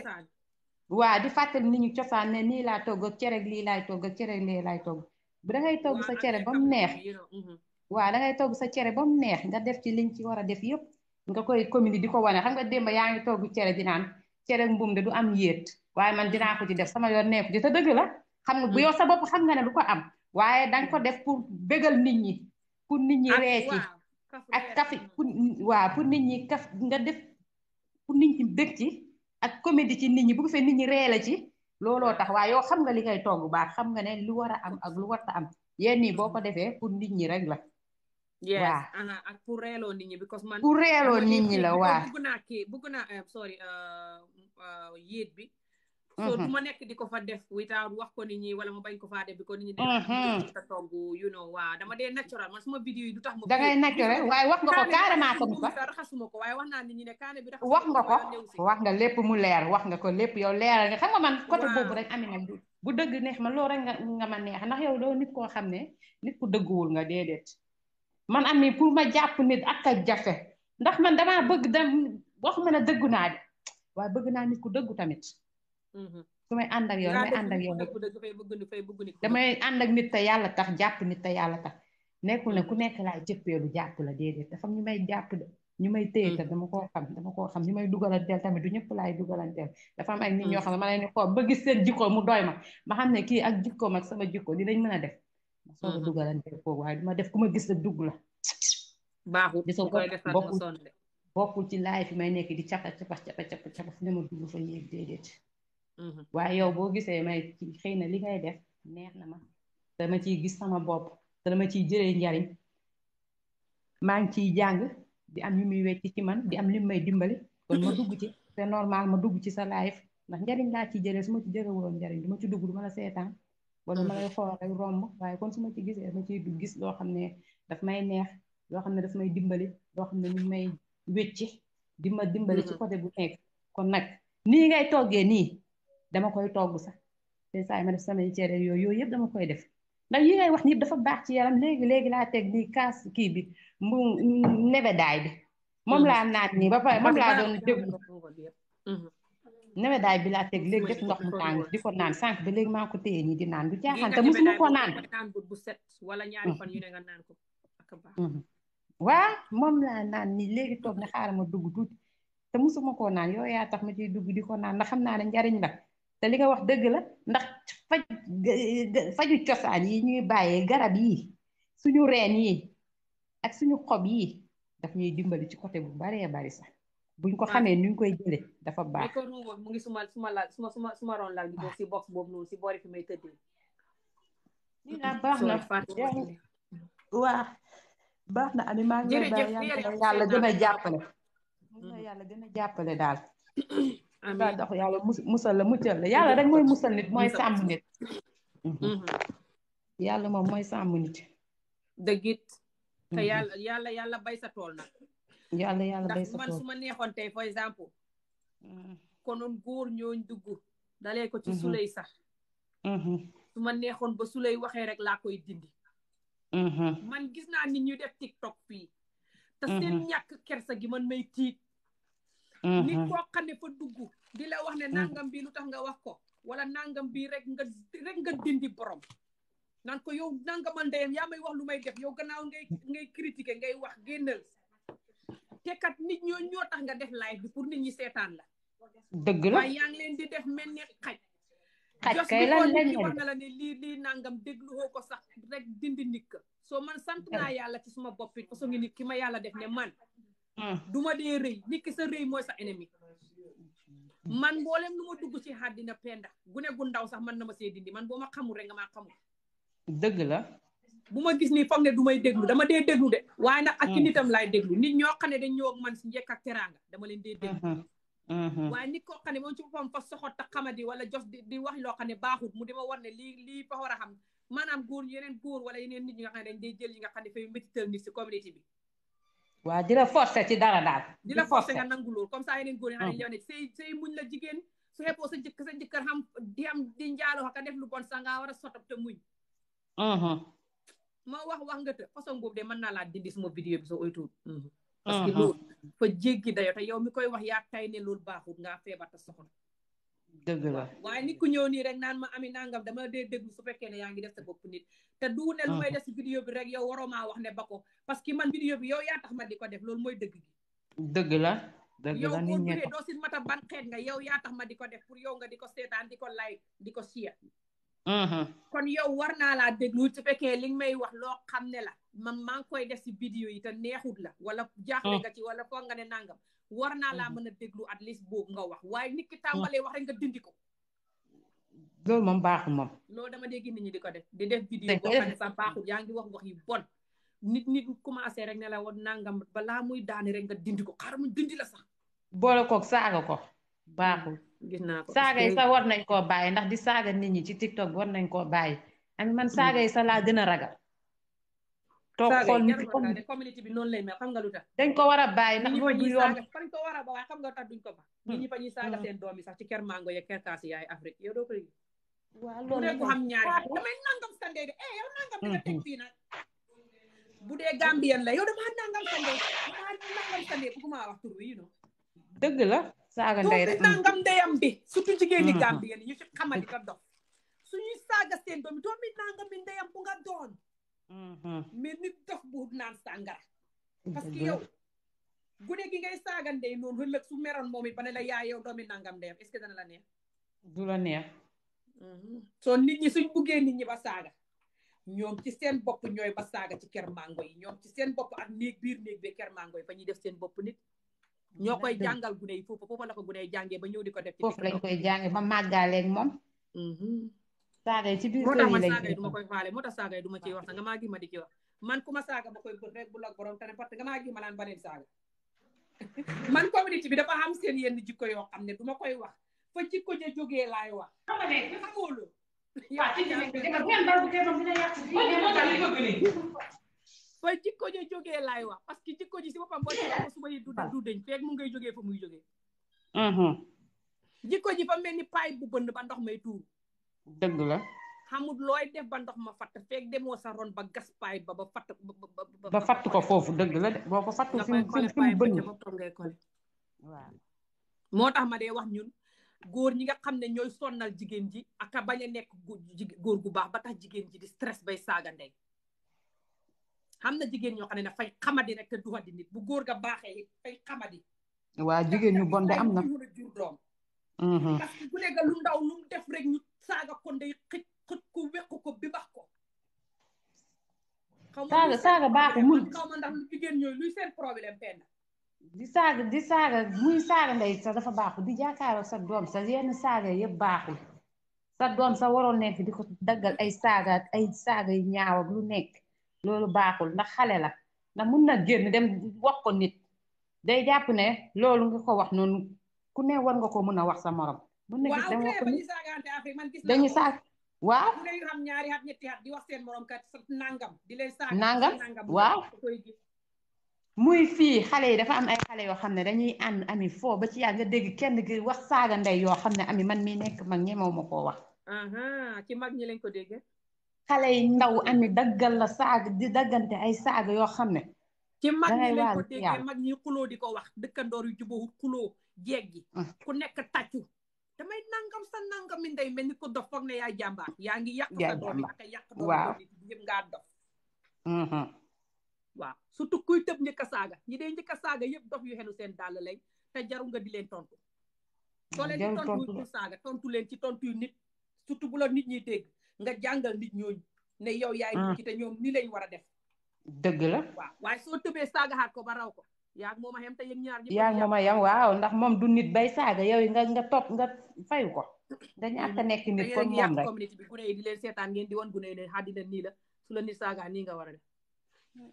waaw di fàttali nit ñi cosaan ne nii laa togg ak cere lii laay togg ak cere lii laay togg bu da ngay togg sa cere ba mu neex mhm. waaw da ngay togg sa cere ba mu neex nga def ci liñ ci war a def yëpp nga koy commune di ko wane xam nga démb yaa ngi togg cere di naan cere mbuum de du am yéet waaye man dinaa ko ci def sama yoon nekku ci te dëgg xam nga bu mm. yow sa bopp xam nga ne du ko am waaye danga ko def pour bégal nit ñi pour nit ñi ah, ree ci ak kafi waaw pour nit ñi kaf nga def pour nit ñi ci ak comédie ci nit ñi bu fee nit ñi ree la ci looloo tax waaye yow xam nga li ngay togg baax xam nga ne lu war a am ak lu warta am yenn yi boo ko defee pour nit ñi rek la yes ak pour reeloo nit ñi because man pour reeloo nit ñi la oh, waa bugg naa kii naa eh, sorry eh, mm, eh, yéet bi so mm-hmm. du ma nekk di ko fa def without wax ko nit ñi wala ma bañ ko faa def bi ko nit ñi def mm-hmm. ta togg you know waa dama dee naturel man suma vidéo yi du tax ma da ngay naturel waaye wax nga ko carrément comme ça ko waaye wax naa nit ñi ne kaane bi raxas wax nga ko wax nga lépp mu leer wax nga ko lépp yow leeral nga xam nga man côté boobu rek amina bu dëgg neex ma loolu rek nga nga ma neex ndax yow doo nit koo xam ne nit ku dëgguwul nga déedéet man am pour ma jàpp nit ak a jafe ndax man damaa bëgg dem wax na ne dëggu naa de waaye bëgg naa nit ku dëggu tamit. Mhm. su may ànd ak yow damay ànd ak yow damay ànd ak nit te yàlla tax jàpp nit te yàlla tax nekkul ne mhm. ku nekk laay jëppeelu jàpp la déedéet dafa ñu may jàpp de. ñu may téye tam mhm. dama koo xam dama koo xam ñu may dugalanteel tamit du ñëpp laay dugalanteel dafa am ay nit ñoo xam ne ma leen di koo ba gis seen jikko mu doy ma ma xam ne kii ak jikkoom ak sama jikko li lañ mën a def soog a mhm. dugalante foofu waaye ma def ku ma gis sa dugg la baaxul di soo bokkul ci laay fi may nekk di capa capa capa capa capa fu ne ma dugg fa yéeg déedéet mhm. waaye yow boo gisee may ci xëy na li ngay def neex na ma dama ciy gis sama bopp dama ciy jëlee njariñ maa ngi ciy jàng di am yu muy wecc ci man di am lim may dimbali kon ma dugg ci c'est normal ma dugg ci sa live ndax njariñ laa ciy jëlee su ma ci jëre woon njariñ du ma ci dugg du ma la seetaan wala mm-hmm. ma lay xool romb waaye kon su ma ci gisee ma ciy gis loo xam ne daf may neex loo xam ne daf may dimbali loo xam ne ñu may wécci di ma dimbali ci mm-hmm. côté bu nekk kon nag nii ngay toggee nii dama koy togg sax te saa ma def samay cere yooyu yooyu yëpp dama koy def ndax yi ngay wax ni dafa baax ci yaram léegi léegi laa teg nii kaas kii bi mu nebedaay bi moom mm-hmm. la naat ni ba pare moom laa doon déglu newedaay bi laa teg léegi def ndox mu tàng di ko naan sànq ba léegi maa ko téye nii di naan du jaaxaan te musuma ko naan bu set wala ñaari mm-hmm. fan ñu ne naan ko ak baax mm-hmm. waaw moom laa naan ni léegi toog na xaaral ma dugg tuuti te musuma koo naan yow yaa tax ma ciy dugg di ko naan ndax xam naa ne njariñ la te li nga wax dëgg la ndax faj faju cosaan yi ñuy bàyyee garab yi suñu reen yi ak suñu xob yi daf ñuy dimbali ci côté bu baree bari sax bu buñ ko xamee nuñ koy jëlee dafa baax. ko mu ngi suma suma laal suma suma suma ron laal di si box boobu noonu si boori fi may tëddee. ñu naan baax na waaw baax na Ami maa ngi lay daal yàlla gën a jàppale. yàlla gën a jàppale daal. amiin dox yàlla musal la muccal la yàlla rek mooy musal nit mooy sàmm nit. Mm-hmm. yàlla moom mooy sàmm nit. dëgg it. te mm-hmm. yàlla yàlla bay sa tool na yàlla yàlla bay sa ndax man su ma neexoon tey for exemple. Mm-hmm. konoon góor ñooñ dugg. dalee ko ci mm-hmm. suley sax. Mm-hmm. su ma neexoon ba suley waxee rek laa koy dindi. man gis na nit ñu def tiktok fii. te seen ñàkk kersa gi man may tiit. nit koo ne fa dugg. di la wax ne nangam bii lu tax nga wax ko. wala nangam bii rek nga rek nga dindi borom. naan ko yow nangamal ndeyam yaa may wax lu may def yow gannaaw ngay ngay critiquer ngay wax génnal te kat nit ñoo ñoo tax nga def live bi pour nit ñi seetaan la. dëgg la waaye yaa ngi leen di def men ni xaj. xaj kay lan lañ la ne lii lii nangam déglu woo ko sax rek dindi nit soo man sant naa yàlla ci suma bopp it parce que nit ma yàlla def ne man. Mm. du ma dee rëy nit sa rëy mooy sa ennemi. man mboolem nu ma dugg ci àddina penda gu ne gu ndaw sax man na ma see dindi man boo ma xamul rek nga maa xamul. dëgg la. bu ma gis nii foog ne du may déglu dama dee déglu de waaye nag ak ki mm. nitam laay déglu nit ñoo xam ne dañ ñëw ak man si njëkk ak teraanga dama leen dee déglu mm-hmm. Mm-hmm. waaye nit koo xam ne moom ci boppam fa soxot ta xamadi wala jof di di wax loo xam ne baaxut mu dima war ne lii lii fa war a xam maanaam góor yeneen góor wala yeneen nit ñi nga xam ne dañ jël yi nga xam ne fay métital nit si communauté bi waaw di la forcé ci dara daal di la forcé nga nangu loolu comme ça yeneen góor yi xam ne mm. yow ne say la jigéen su xeppoo sa jëkk sa jëkkër xam di am di njaaloo ka def lu bon sa nga war a sotab te muñ mm-hmm. ma wax wax nga të façon boobu de mën naa laa dindi suma vidéo bi soo oytuwul mhm. parce que loolu fa jéggi dayo te yow mi koy wax yaa tay ne loolu baaxul ngaa feebar te soxla dëgg la waaye nit ku ñëw nii rek naan ma ami nangam dama dee déglu su fekkee ne yaa ngi def sa bopp nit te du ne lu may def si vidéo bi rek yow waroo maa wax ne ba parce que man vidéo bi yow yaa tax ma di ko def loolu mooy dëgg gi dëgg la dëgg la ni ñi yow boo doo si xeet nga yow yaa tax ma di ko def pour yow nga di ko seetaan di ko like di ko share Mm-hmm. kon yow war naa laa déglu su fekkee li nga may wax loo xam ne la man maa ngi koy des si vidéo yi te neexut la wala jaaxle mm. nga ci wala foog nga ne nangam war naa laa mm-hmm. mën a déglu at least boob nga wax waaye nit ki tàmbalee wax rek nga dindi ko loolu moom baaxul moom loolu dama dégg ñi di ko def di def vidéo boo xam ne sax baaxul yaa wax wax yu bon nit nit commencé rek ne la woon nangam balaa muy daane rek nga dindi ko xaaral mu dindi la sax boole koog saaga ko baaxul gis naa ko saaga yi sax war nañ koo bàyyi ndax di saaga nit ñi ci tiktok war nañ koo bàyyi am man mm. saaga yi sax laa gën a raga toog xool nit bi noonu lay mel xam dañ ko war a bàyyi ndax mooy du yomb war a ba duñ ko ba mm. nit ñi fa ñuy saaga mm. seen sax ci ker mango yeeg ker kaas yaay Afrique yow doo ko yëg waaw loolu sa ndey de eh, bi nga teg fii nag bu dee Gambien la yow damaa nangam sa nangam sa ndey wax tur wi dëgg la saaga ndey rek nangam ndeyam bi surtout jigéen ñi Gambien ñu fi xamadi ka dox suñuy saaga seen doomi doomi nangam bi ndeyam bu nga doon mais nit dof bu naan sàngara parce que yow gune gi ngay saaga ndey noonu ëllëg su meroon moom it ba ne la yaay yow doomi nangam ndeyam est-ce que dana la neex du la neex soo nit ñi suñ buggee nit ñi ba saaga ñoom ci seen bopp ñooy ba saaga ci ker mango yi ñoom ci seen bopp ak néeg biir néeg bi ker mango yi fa ñuy def seen bopp nit ñoo koy jàngal gune yi foofu foofu la ko gune yi jàngee ba ñëw di ko def. foofu lañ koy jàngee ba màggaaleeg moom. Mm-hmm. saaga yi ci biir kër yi lañ koy def moo tax man saaga yi du ma koy faale moo tax saaga yi du ma ciy wax nga maa gi ma di ci wax man ku ma saaga ma koy bët rek bu la borom te ne parce que nga maa gi ma naan ba leen saaga. man community bi dafa am seen yenn jikko yoo xam ne du ma koy wax fa jikko ja jógee laay wax. xamoo loolu. yaa ci jàngee waaye jikko ja joge lay wax parce que jikko ji si boppam boo dee ko suba yi du du dëñ feeg mu ngay jógee fa muy jógee mm-hmm. jikko ji fa mel ni bu bënd ba ndox may tuur dëgg la xamul looy def ba ndox ma fatt feeg demoo sa ron ba gas paay ba ba fatt ba fatt ko foofu dëgg la de boo ko fattu fi mu bënn waaw moo tax ma dee wax ñun góor ñi nga xam ne ñooy sonnal jigéen ji ak bañ a nekk góor gu baax ba tax jigéen ji di stress bay saaga ndey am na jigéen ñoo xam ne dafay xamadi rek te duwadi nit bu góor ga baaxee it fay xamadi. waa jigéen ñu bon am na mën a jur doom. Mm-hmm. def rek ñu saaga ko ndey xëj xëj ko wekk ko bi bax ko. saaga saaga baaxu mun xaw ma ndax lu jigéen ñooy benn. di saaga di saaga muy saaga ndey sax dafa baaxul di jàkkaarloo sa doom sa yenn saaga yëpp baaxul. sa doom sa waroon nekk di ko daggal ay saaga ay saaga yu ñaaw ak lu nekk. loolu baaxul ndax xale la ndax mun na génn dem wax ko nit day jàpp ne loolu nga ko wax noonu ku ne war nga ko mën a wax sa morom. mën na gis dem wax ko nit dañuy saag waaw. nangam waaw. muy fii xale yi dafa am xale yoo xam ne dañuy ànd ami foo ba ci yàgg nga dégg kenn gi wax saaga ndey yoo xam ne ami man mii nekk mag ñemewu ma koo wax. ci mag xale ndaw ami daggal la saaga di daggante ay saaga yoo xam ne. ci mag ñi lañ ko di ko wax dëkkandoor yu jubóowul xuloo jeeg gi. Mm. ku nekk tàccu. damay nangam sa nangam mi ndey mel ni ko dof foog ne yaa jàmbaar yaa ngi yàq sa doom yi yàq doom yi yëpp ngaa dof. Mm-hmm. waaw surtout kuy tëb njëkk ñi dee njëkk a yëpp dof yu xenu seen dàll lañ te jaru nga di leen tontu. Mm, soo leen di tontu saaga tontu leen ci tontu yu nit surtout bu la nit ñi dégg nga jàngal nit ñooñu ne yow yaay mm. nit ki te ñoom ni war a def dëgg la waaw waaye soo tëbee saagaxaat ko ba raw ko yaag mooma yam te yéen ñaar ñëpp yaag mooma yam waaw ndax moom du nit bay saaga yow nga nga topp nga fayu ko nga ñàkk a mm. nekk nit comme moom rek communauté bi gune seetaan ngeen di woon gune yi ne àddina nii la su la nit saaga ni nga war a def war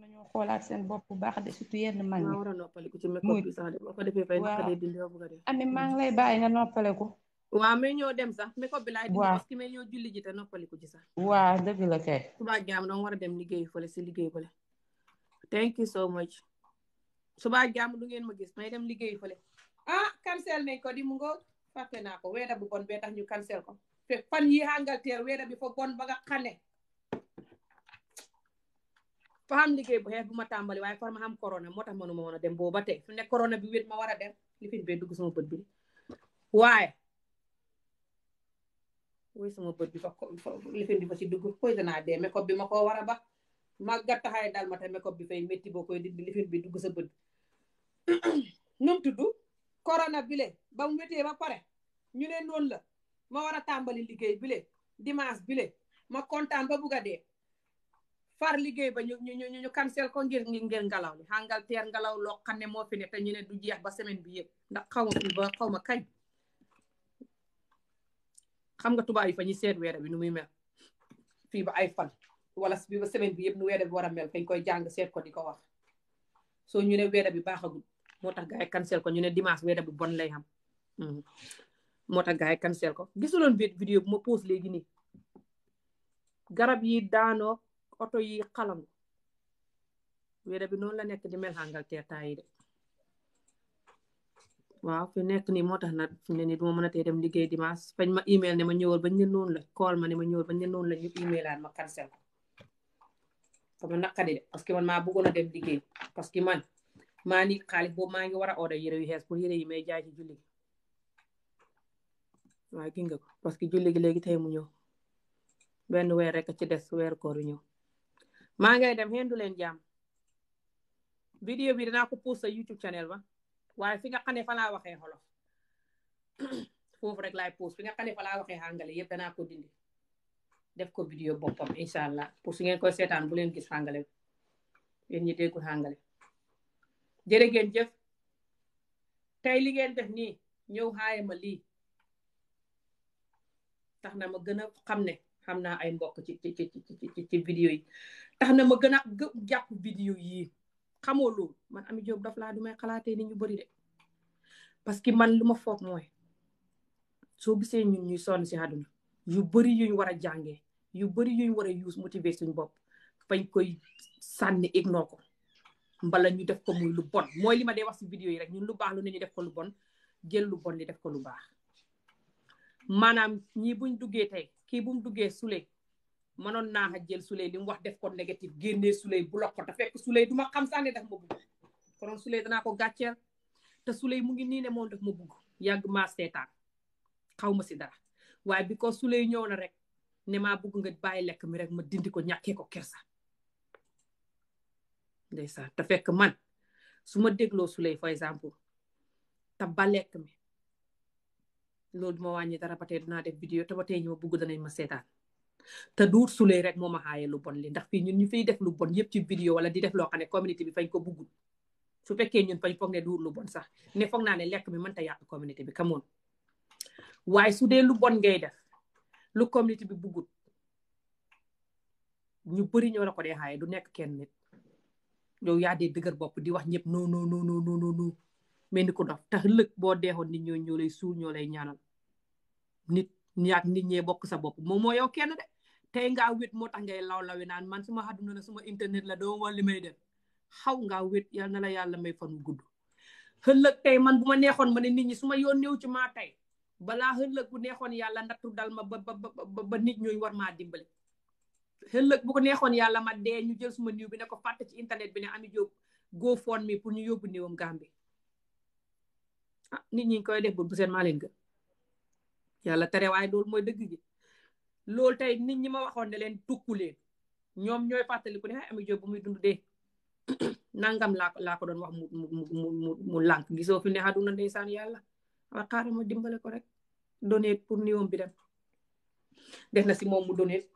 nañoo xoolaat seen bopp bu baax de surtout yenn mag ñi ko defee fay naqadee dindi bëgg a def ami maa ngi lay bàyyi nga noppaleku waaw mais ñoo dem sax mais ko bi laay. waaw parce que mais ñoo julli ji te noppaliku ci sax. waaw dëgg la kay. suba ak jàmm danga war a dem liggéey fële si liggéey fële. thank you so much. suba ak jàmm du ngeen ma gis may dem liggéey fële. ah ko di mu ngoog fàtte naa ko weeda bu bon bee tax ñu cancel ko. te fan yi Angleterre weeda bi fa bon ba nga xane. fa xam liggéey bu xeex bu ma tàmbali waaye far ma xam corona moo tax manuma woon a dem booba tey fu ne corona bi wéet ma war a dem li fi ñu dugg sama bët bi waaye. wuy sama bët bi fa lifin bi fa si dugg koy danaa dee mékob bi ma ko war a ba màgga taxaay daal ma te mékob bi fay metti boo koy dindi lifin bi dugg sa bët nu mu tudd corona bile ba mu méttee ba pare ñu ne noon la ma war a tàmbali liggéey bile dimanche bile ma kontaan ba bugg a dee far liggéey ba ñu ñu ñu cancel ko ngir ngir ngalaw li Angleterre ngalaw loo xam ne moo fi ne te ñu ne du jeex ba semaine bi yëpp ndax xaw xaw ma kañ xam nga tubaab yi fa ñu seet weer bi nu muy mel fii ba ay fan wala bi ba semaine bi yëpp nu weer bi war a mel fañ koy jàng seet ko di ko wax soo ñu ne weer bi baaxagul moo tax gars yi cancel ko ñu ne dimanche weer bi bon lay xam hmm. moo tax gars yi cancel ko gisuloon bi vidéo bu ma pose léegi nii garab yi daanoo oto yi xalangu weer bi noonu la nekk di mel Angleterre temps yi de waaw fi nekk ni moo tax na fi mu ne nii du ma mën a tee dem liggéey dimanche fañ ma email ne ma ñëwal bañ ne noonu ma ne ma ñëwal bañ ne noonu la ñu emailaat ma cancel ko sama de parce que man maa bëggoon a dem liggéey parce que man maa ni kaali boobu maa ngi war a order yére yu xees pour yére yi may jaay ci julli gi waaye nga ko parce que julli gi léegi tey mu ñëw benn weer rek a ci des weer koor ñëw maa ngay dem xendu leen jàmm vidéo bi danaa ko post sa YouTube channel ba waaye fi nga xam ne fa waxee xolof foofu rek lay post fi nga xam ne fa laa waxee àngale yëpp danaa ko dindi def ko vidéo boppam incha allah pour si ngeen koy seetaan bu leen gis àngale yéen ñi déggul àngale jërë ngeen jëf tey li ngeen def nii ñëw xaaye ma li tax na ma gën a xam ne xam naa ay mbokk ci ci ci ci ci vidéo yi tax na ma gën a jàpp vidéo yii xamoo loolu man Ami Diop daf laa du may xalaatee ni ñu bari de parce que man lu ma foog mooy soo gisee ñun ñuy sonn si àdduna yu bëri yuñ war a jàngee yu bëri yuñ war a use motiver suñ bopp fañ koy sànni ignore ko mbala ñu def ko muy lu bon mooy li ma dee wax si vidéo yi rek ñun lu baax lu ne ñu def ko lu bon jël lu bon li def ko lu baax maanaam ñi buñ duggee tey kii bu mu duggee sule mënoon naa a jël Souley li mu wax def ko négatif génnee Souley bloqué ko te fekk Souley du ma xam sax ne daf ma bugg konoon Souley danaa ko gàcceel te Souley mu ngi nii ne moom daf ma bugg yàgg maa seetaan xaw ma si dara waaye bi ko Souley ñëw na rek ne maa bugg nga bàyyi lekk mi rek ma dindi ko ñàkkee ko kersa ndeysaan te fekk man su ma dégloo Souley for exemple te ba lekk mi loolu du ma wàññi dara ba tey dinaa def vidéo te ba tey ñu ma bugg danañ ma seetaan te duur sulee rek moo ma xaayee lu li ndax fii ñun ñu fiy def lu bon yëpp ci vidéo wala di def loo xam ne communauté bi fañ ko buggut su fekkee ñun fañ foog ne duur lu bon sax ne foog naa ne lekk bi mënta yàq communauté bi kamoon waaye su dee lu bon ngay def lu communauté bi buggut ñu bëri ñoo la ko dee xaayee du nekk kenn nit yow yaa dee dëgër bopp di wax ñëpp non non non non mais ni ko dof tax lëg boo deexoon nit ñoo ñoo lay suul ñoo lay ñaanal nit ñaak nit ñee bokk sa bopp moom moo kenn tey ngaa wét moo tax ngay law lawi naan man suma àdduna la suma internet la doo war li may def xaw ngaa wét yal na la yàlla may fan wu gudd xëllëg tey man bu ma neexoon ma ne nit ñi su ma yoon néew ci maa tey balaa xëllëg bu neexoon yàlla ndattu dal ma ba ba ba nit ñooñu war maa dimbale xëllëg bu ko neexoon yàlla ma dee ñu jël suma niw bi ne ko fàtte ci internet bi ne Amie Jobe mi pour ñu yóbbu néewam Gambie ah nit ñi koy def bu seen maa leen gën waaye loolu mooy dëgg loolu tey nit ñi ma waxoon ne leen tukku leen ñoom ñooy fàttaliku ne ay Ami Jóob bu muy dund dee nangam laa ko laa ko doon wax mu mu mu mu lànk gisoo fi ne àdduna ndeysaan yàlla waaw ah, xaaral ma dimbale ko rek donate pour niwam bi dem def na si moom mu donate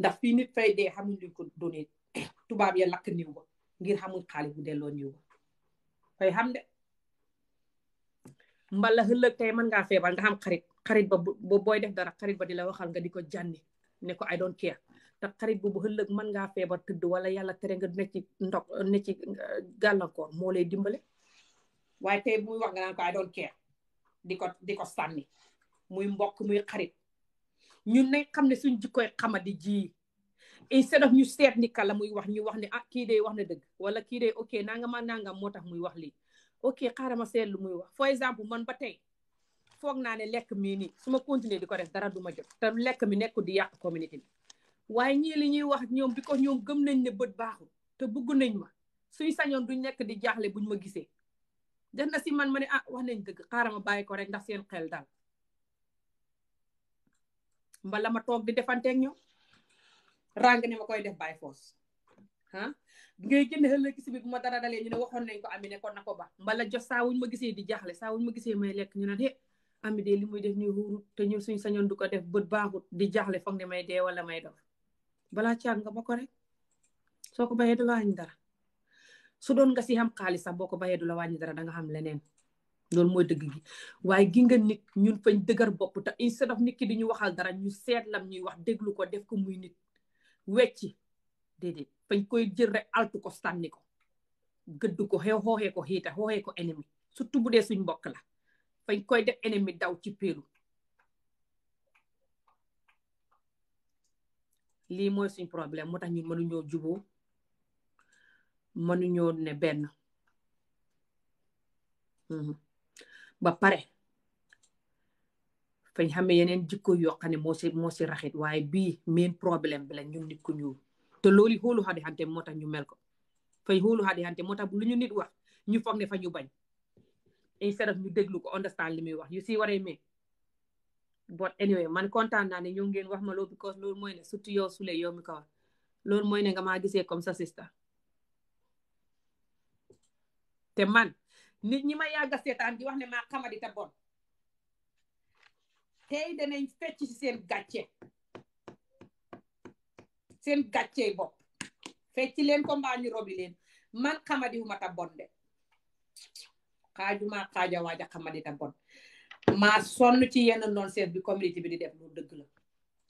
ndax fii nit fay dee xamuñ luñ ko donate tubaab ya lakk niw ba ngir xamul xaalis bu delloo niw ba xam de mbala ëllëg tey mën ngaa feebar nga xam xarit xarit ba bu booy def dara xarit ba di la waxal nga di ko jànni ne ko I don't care te xarit bu bu ëllëg mën ngaa feebar tëdd wala yàlla tere nga ne ci ndox ne ci uh, gàllankoor moo lay dimbale waaye tey muy wax nga naan ko I don't care di ko di ko sànni muy mbokk muy xarit ñun nañ xam ne suñ jikkoy xamadi ji instead of ñu seet ni kala muy wax ñu wax ne ah kii day wax ne dëgg wala kii day ok nangama nangam moo tax muy wax lii ok xaaral ma seet lu muy wax for exemple man ba tey foog naa ne lekk mii nii su ma continuer di ko def dara du ma jot te lekk mi nekkul di yàq communauté bi waaye ñii li ñuy wax ñoom bi ko ñoom gëm nañ ne bët baaxul te bugg nañ ma suñ sañoon du nekk di jaaxle buñ ma gisee def na si man ma ne ah wax nañ dëgg xaaral ma bàyyi ko rek ndax seen xel daal mbala ma toog di defanteeg ñoom ràng ne ma koy def bàyyi foos ah ngay génn ëllëg si bi bu ma dara dalee ñu ne waxoon nañ ko ami ne kon na ko ba mbala jox saa wuñ ma gisee di jaaxle saa wuñ ma gisee may lekk ñu ne de ami de li muy def nii xuurut te ñun suñu sañoon du ko def bët baaxut di jaaxle foog ne may dee wala may dof balaa caag nga ba ko rek soo ko bayee du la wàññi dara su doon nga si xam xaalis sax boo ko bayee du la wàññi dara danga xam leneen loolu mooy dëgg gi waaye gi nga nit ñun fañ dëgër bopp te instead of nit ki di ñu waxal dara ñu seet lam ñuy wax déglu ko def ko muy nit wecci déedéet fañ koy jël rek altu ko sànni ko gëdd ko xew xooxee ko xiita xooxee ko ennemi surtout bu dee suñ mbokk la fañ koy def ennemi daw ci Pérou lii mooy suñ problème moo tax ñun mënuñoo juboo mënuñoo ne benn mhm. ba pare fañ xamee yeneen jikko yoo xam ne moo si moo si raxit waaye bii main problème bi la ñun nit ku ñuul te loolu xoolu xadi xante moo tax ñu mel ko fañ xoolu xadi xante moo tax ñu nit wax ñu foog fa ñu bañ instead of ñu déglu ko understand li muy wax you see what a mean but anyway man kontaan naa ne ñoo ngeen wax ma loolu because loolu mooy ne surtout yow Souley yow mi ko wax loolu mooy ne nga maa gisee comme sa sister te man nit ñi ma yàgga seetaan di wax ne maa xamadi te bon tey danañ fecc ci seen gàcce seen gàcce bopp fecc leen ko mbaa ñu robi leen man xamadi wu ma ta bon de xaajuma xaaja waaja xamadita bon maa sonn ci yenn non service bi communauté bi di def loolu dëgg la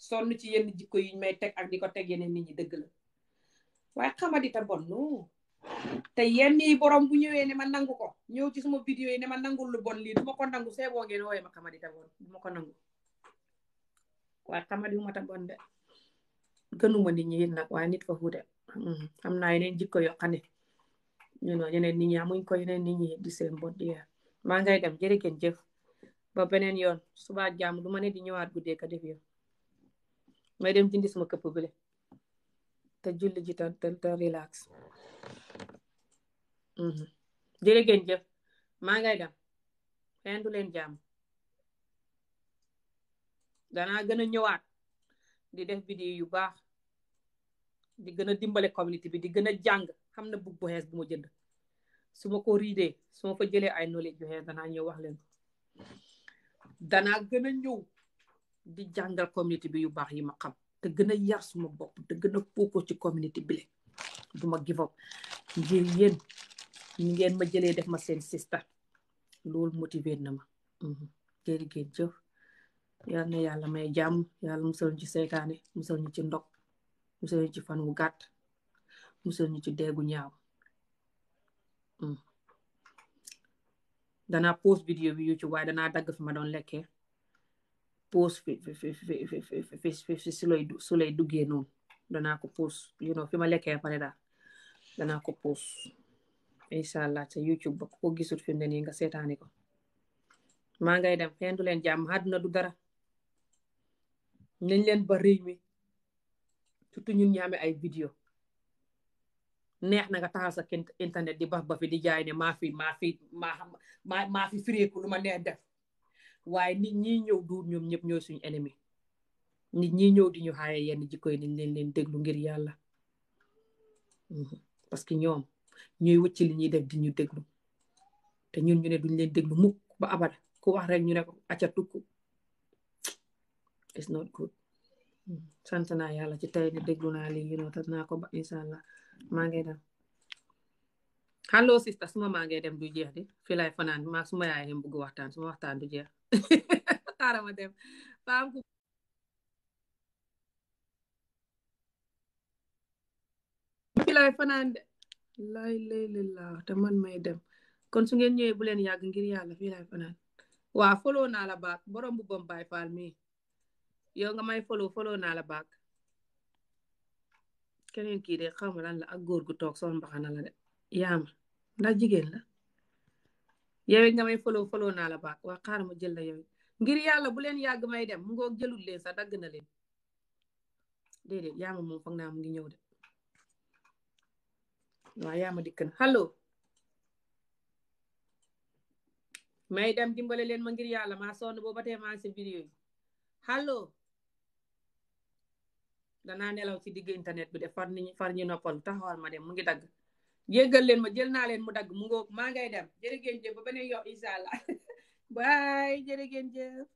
sonn ci yenn jikko yi may teg ak di ko teg yeneen ni ñi dëgg la waaye xamadita bon non te yenn yi borom bu ñëwee ne ma nangu ko ñëw ci suma vidéo yi ne ma nangul lu bon lii du ma ko nangu se boo ngeen wooyee ma ko nangu waaye xamadi ma ta bon de gënuma nit ñi yit nag waaye nit fa xuude hmm, am naa yeneen jikko yoo xam ne ñu no ñeneen nit ñi amuñ ko ñeneen nit ñi di seen bot di maa ngay dem jërë ngeen ba beneen yoon suba jàmm du ma ne di ñëwaat guddee ka def yoon may dem jëndi sama këpp bile te julli ji tan tan tan relax mhm. jërë ngeen jëf maa ngay dem xeen du leen jàmm danaa gën a ñëwaat di def vidéo yu baax di gën a dimbale communauté bi di gën a jàng xam na bug bu bu ma jënd su ma ko riidee su ma fa jëlee ay knowledge yu xees danaa ñëw wax leen ko danaa gën a ñëw di jàngal communauté bi yu baax yi ma xam te gën a yar suma bopp te gën a ci communauté bi le du ma give up ngir ngeen ma jëlee def ma seen sister loolu motivé na ma mhm. jërëjëf jëf yal na yàlla may jàmm yàlla musal ñu ci seytaane musal ñu ci ndok musal ci fan wu gàtt musal ñu ci deegu ñaaw hmm. danaa post vidéo bi YouTube waaye danaa dagg fi ma doon lekkee post fi fi fi fi fi su lay duggee noonu danaa ko post you fi ma lekkee pare daal danaa ko post incha allah te YouTube ba ko fi mu ne nii nga seetaani ko maa ngay dem kenn du leen jàmm àdduna du dara nañ leen ba réew mi ñun ñaame ay vidéo neex na nga taxal sa internet di baf bafi di jaay ne maa fi maa fi maa maa maa fi firéeku lu ma neex def waaye nit ñi ñëw duur ñoom ñëpp ñooy suñu ennemi nit ñi ñëw di ñu xaaye yenn jikko yi nañ leen leen déglu ngir yàlla mhm. parce que ñoom ñooy wëcc li ñuy def di ñu déglu te ñun ñu ne duñ leen déglu mukk ba abada ku wax rek ñu ne acca tukku it's not good mhm. sant naa yàlla ci tey ne déglu naa lii you know tas naa ko ba incha allah maa ngi dem allo sista suma maa ngi dem du jeex di fii lay fanaan maa suma yaay leen bëgg waxtaan suma waxtaan du jeex xaaral dem faam fanaan de lay lay laa te man may dem kon su ngeen ñëwee bu leen yàgg ngir yàlla fii lay fanaan waa foloo naa la baak borom bu bom faal mii yow nga may foloo foloo naa la baak keneen kii de xaw ma lan la ak góor gu toog so mbaxana la de yaama ndax jigéen la yow nga may foloo foloo naa la baax waa ma jël la yow ngir yàlla bu leen yàgg may dem mu ngoog jëlul leen sax dagg na leen déedéet yaama moom foog naa mu ngi ñëw de waaw yaama dikk na allo may dem dimbale leen ma ngir yàlla maa sonn booba tey maa danaa nelaw ci digg internet bi de far ñu far ñu noppal ma dem mu ngi dagg jéggal leen ma jël naa leen mu dagg mu ngoog maa ngay dem jërëgéen jëf ba beneen yow incha allah baay jërëgéen jëf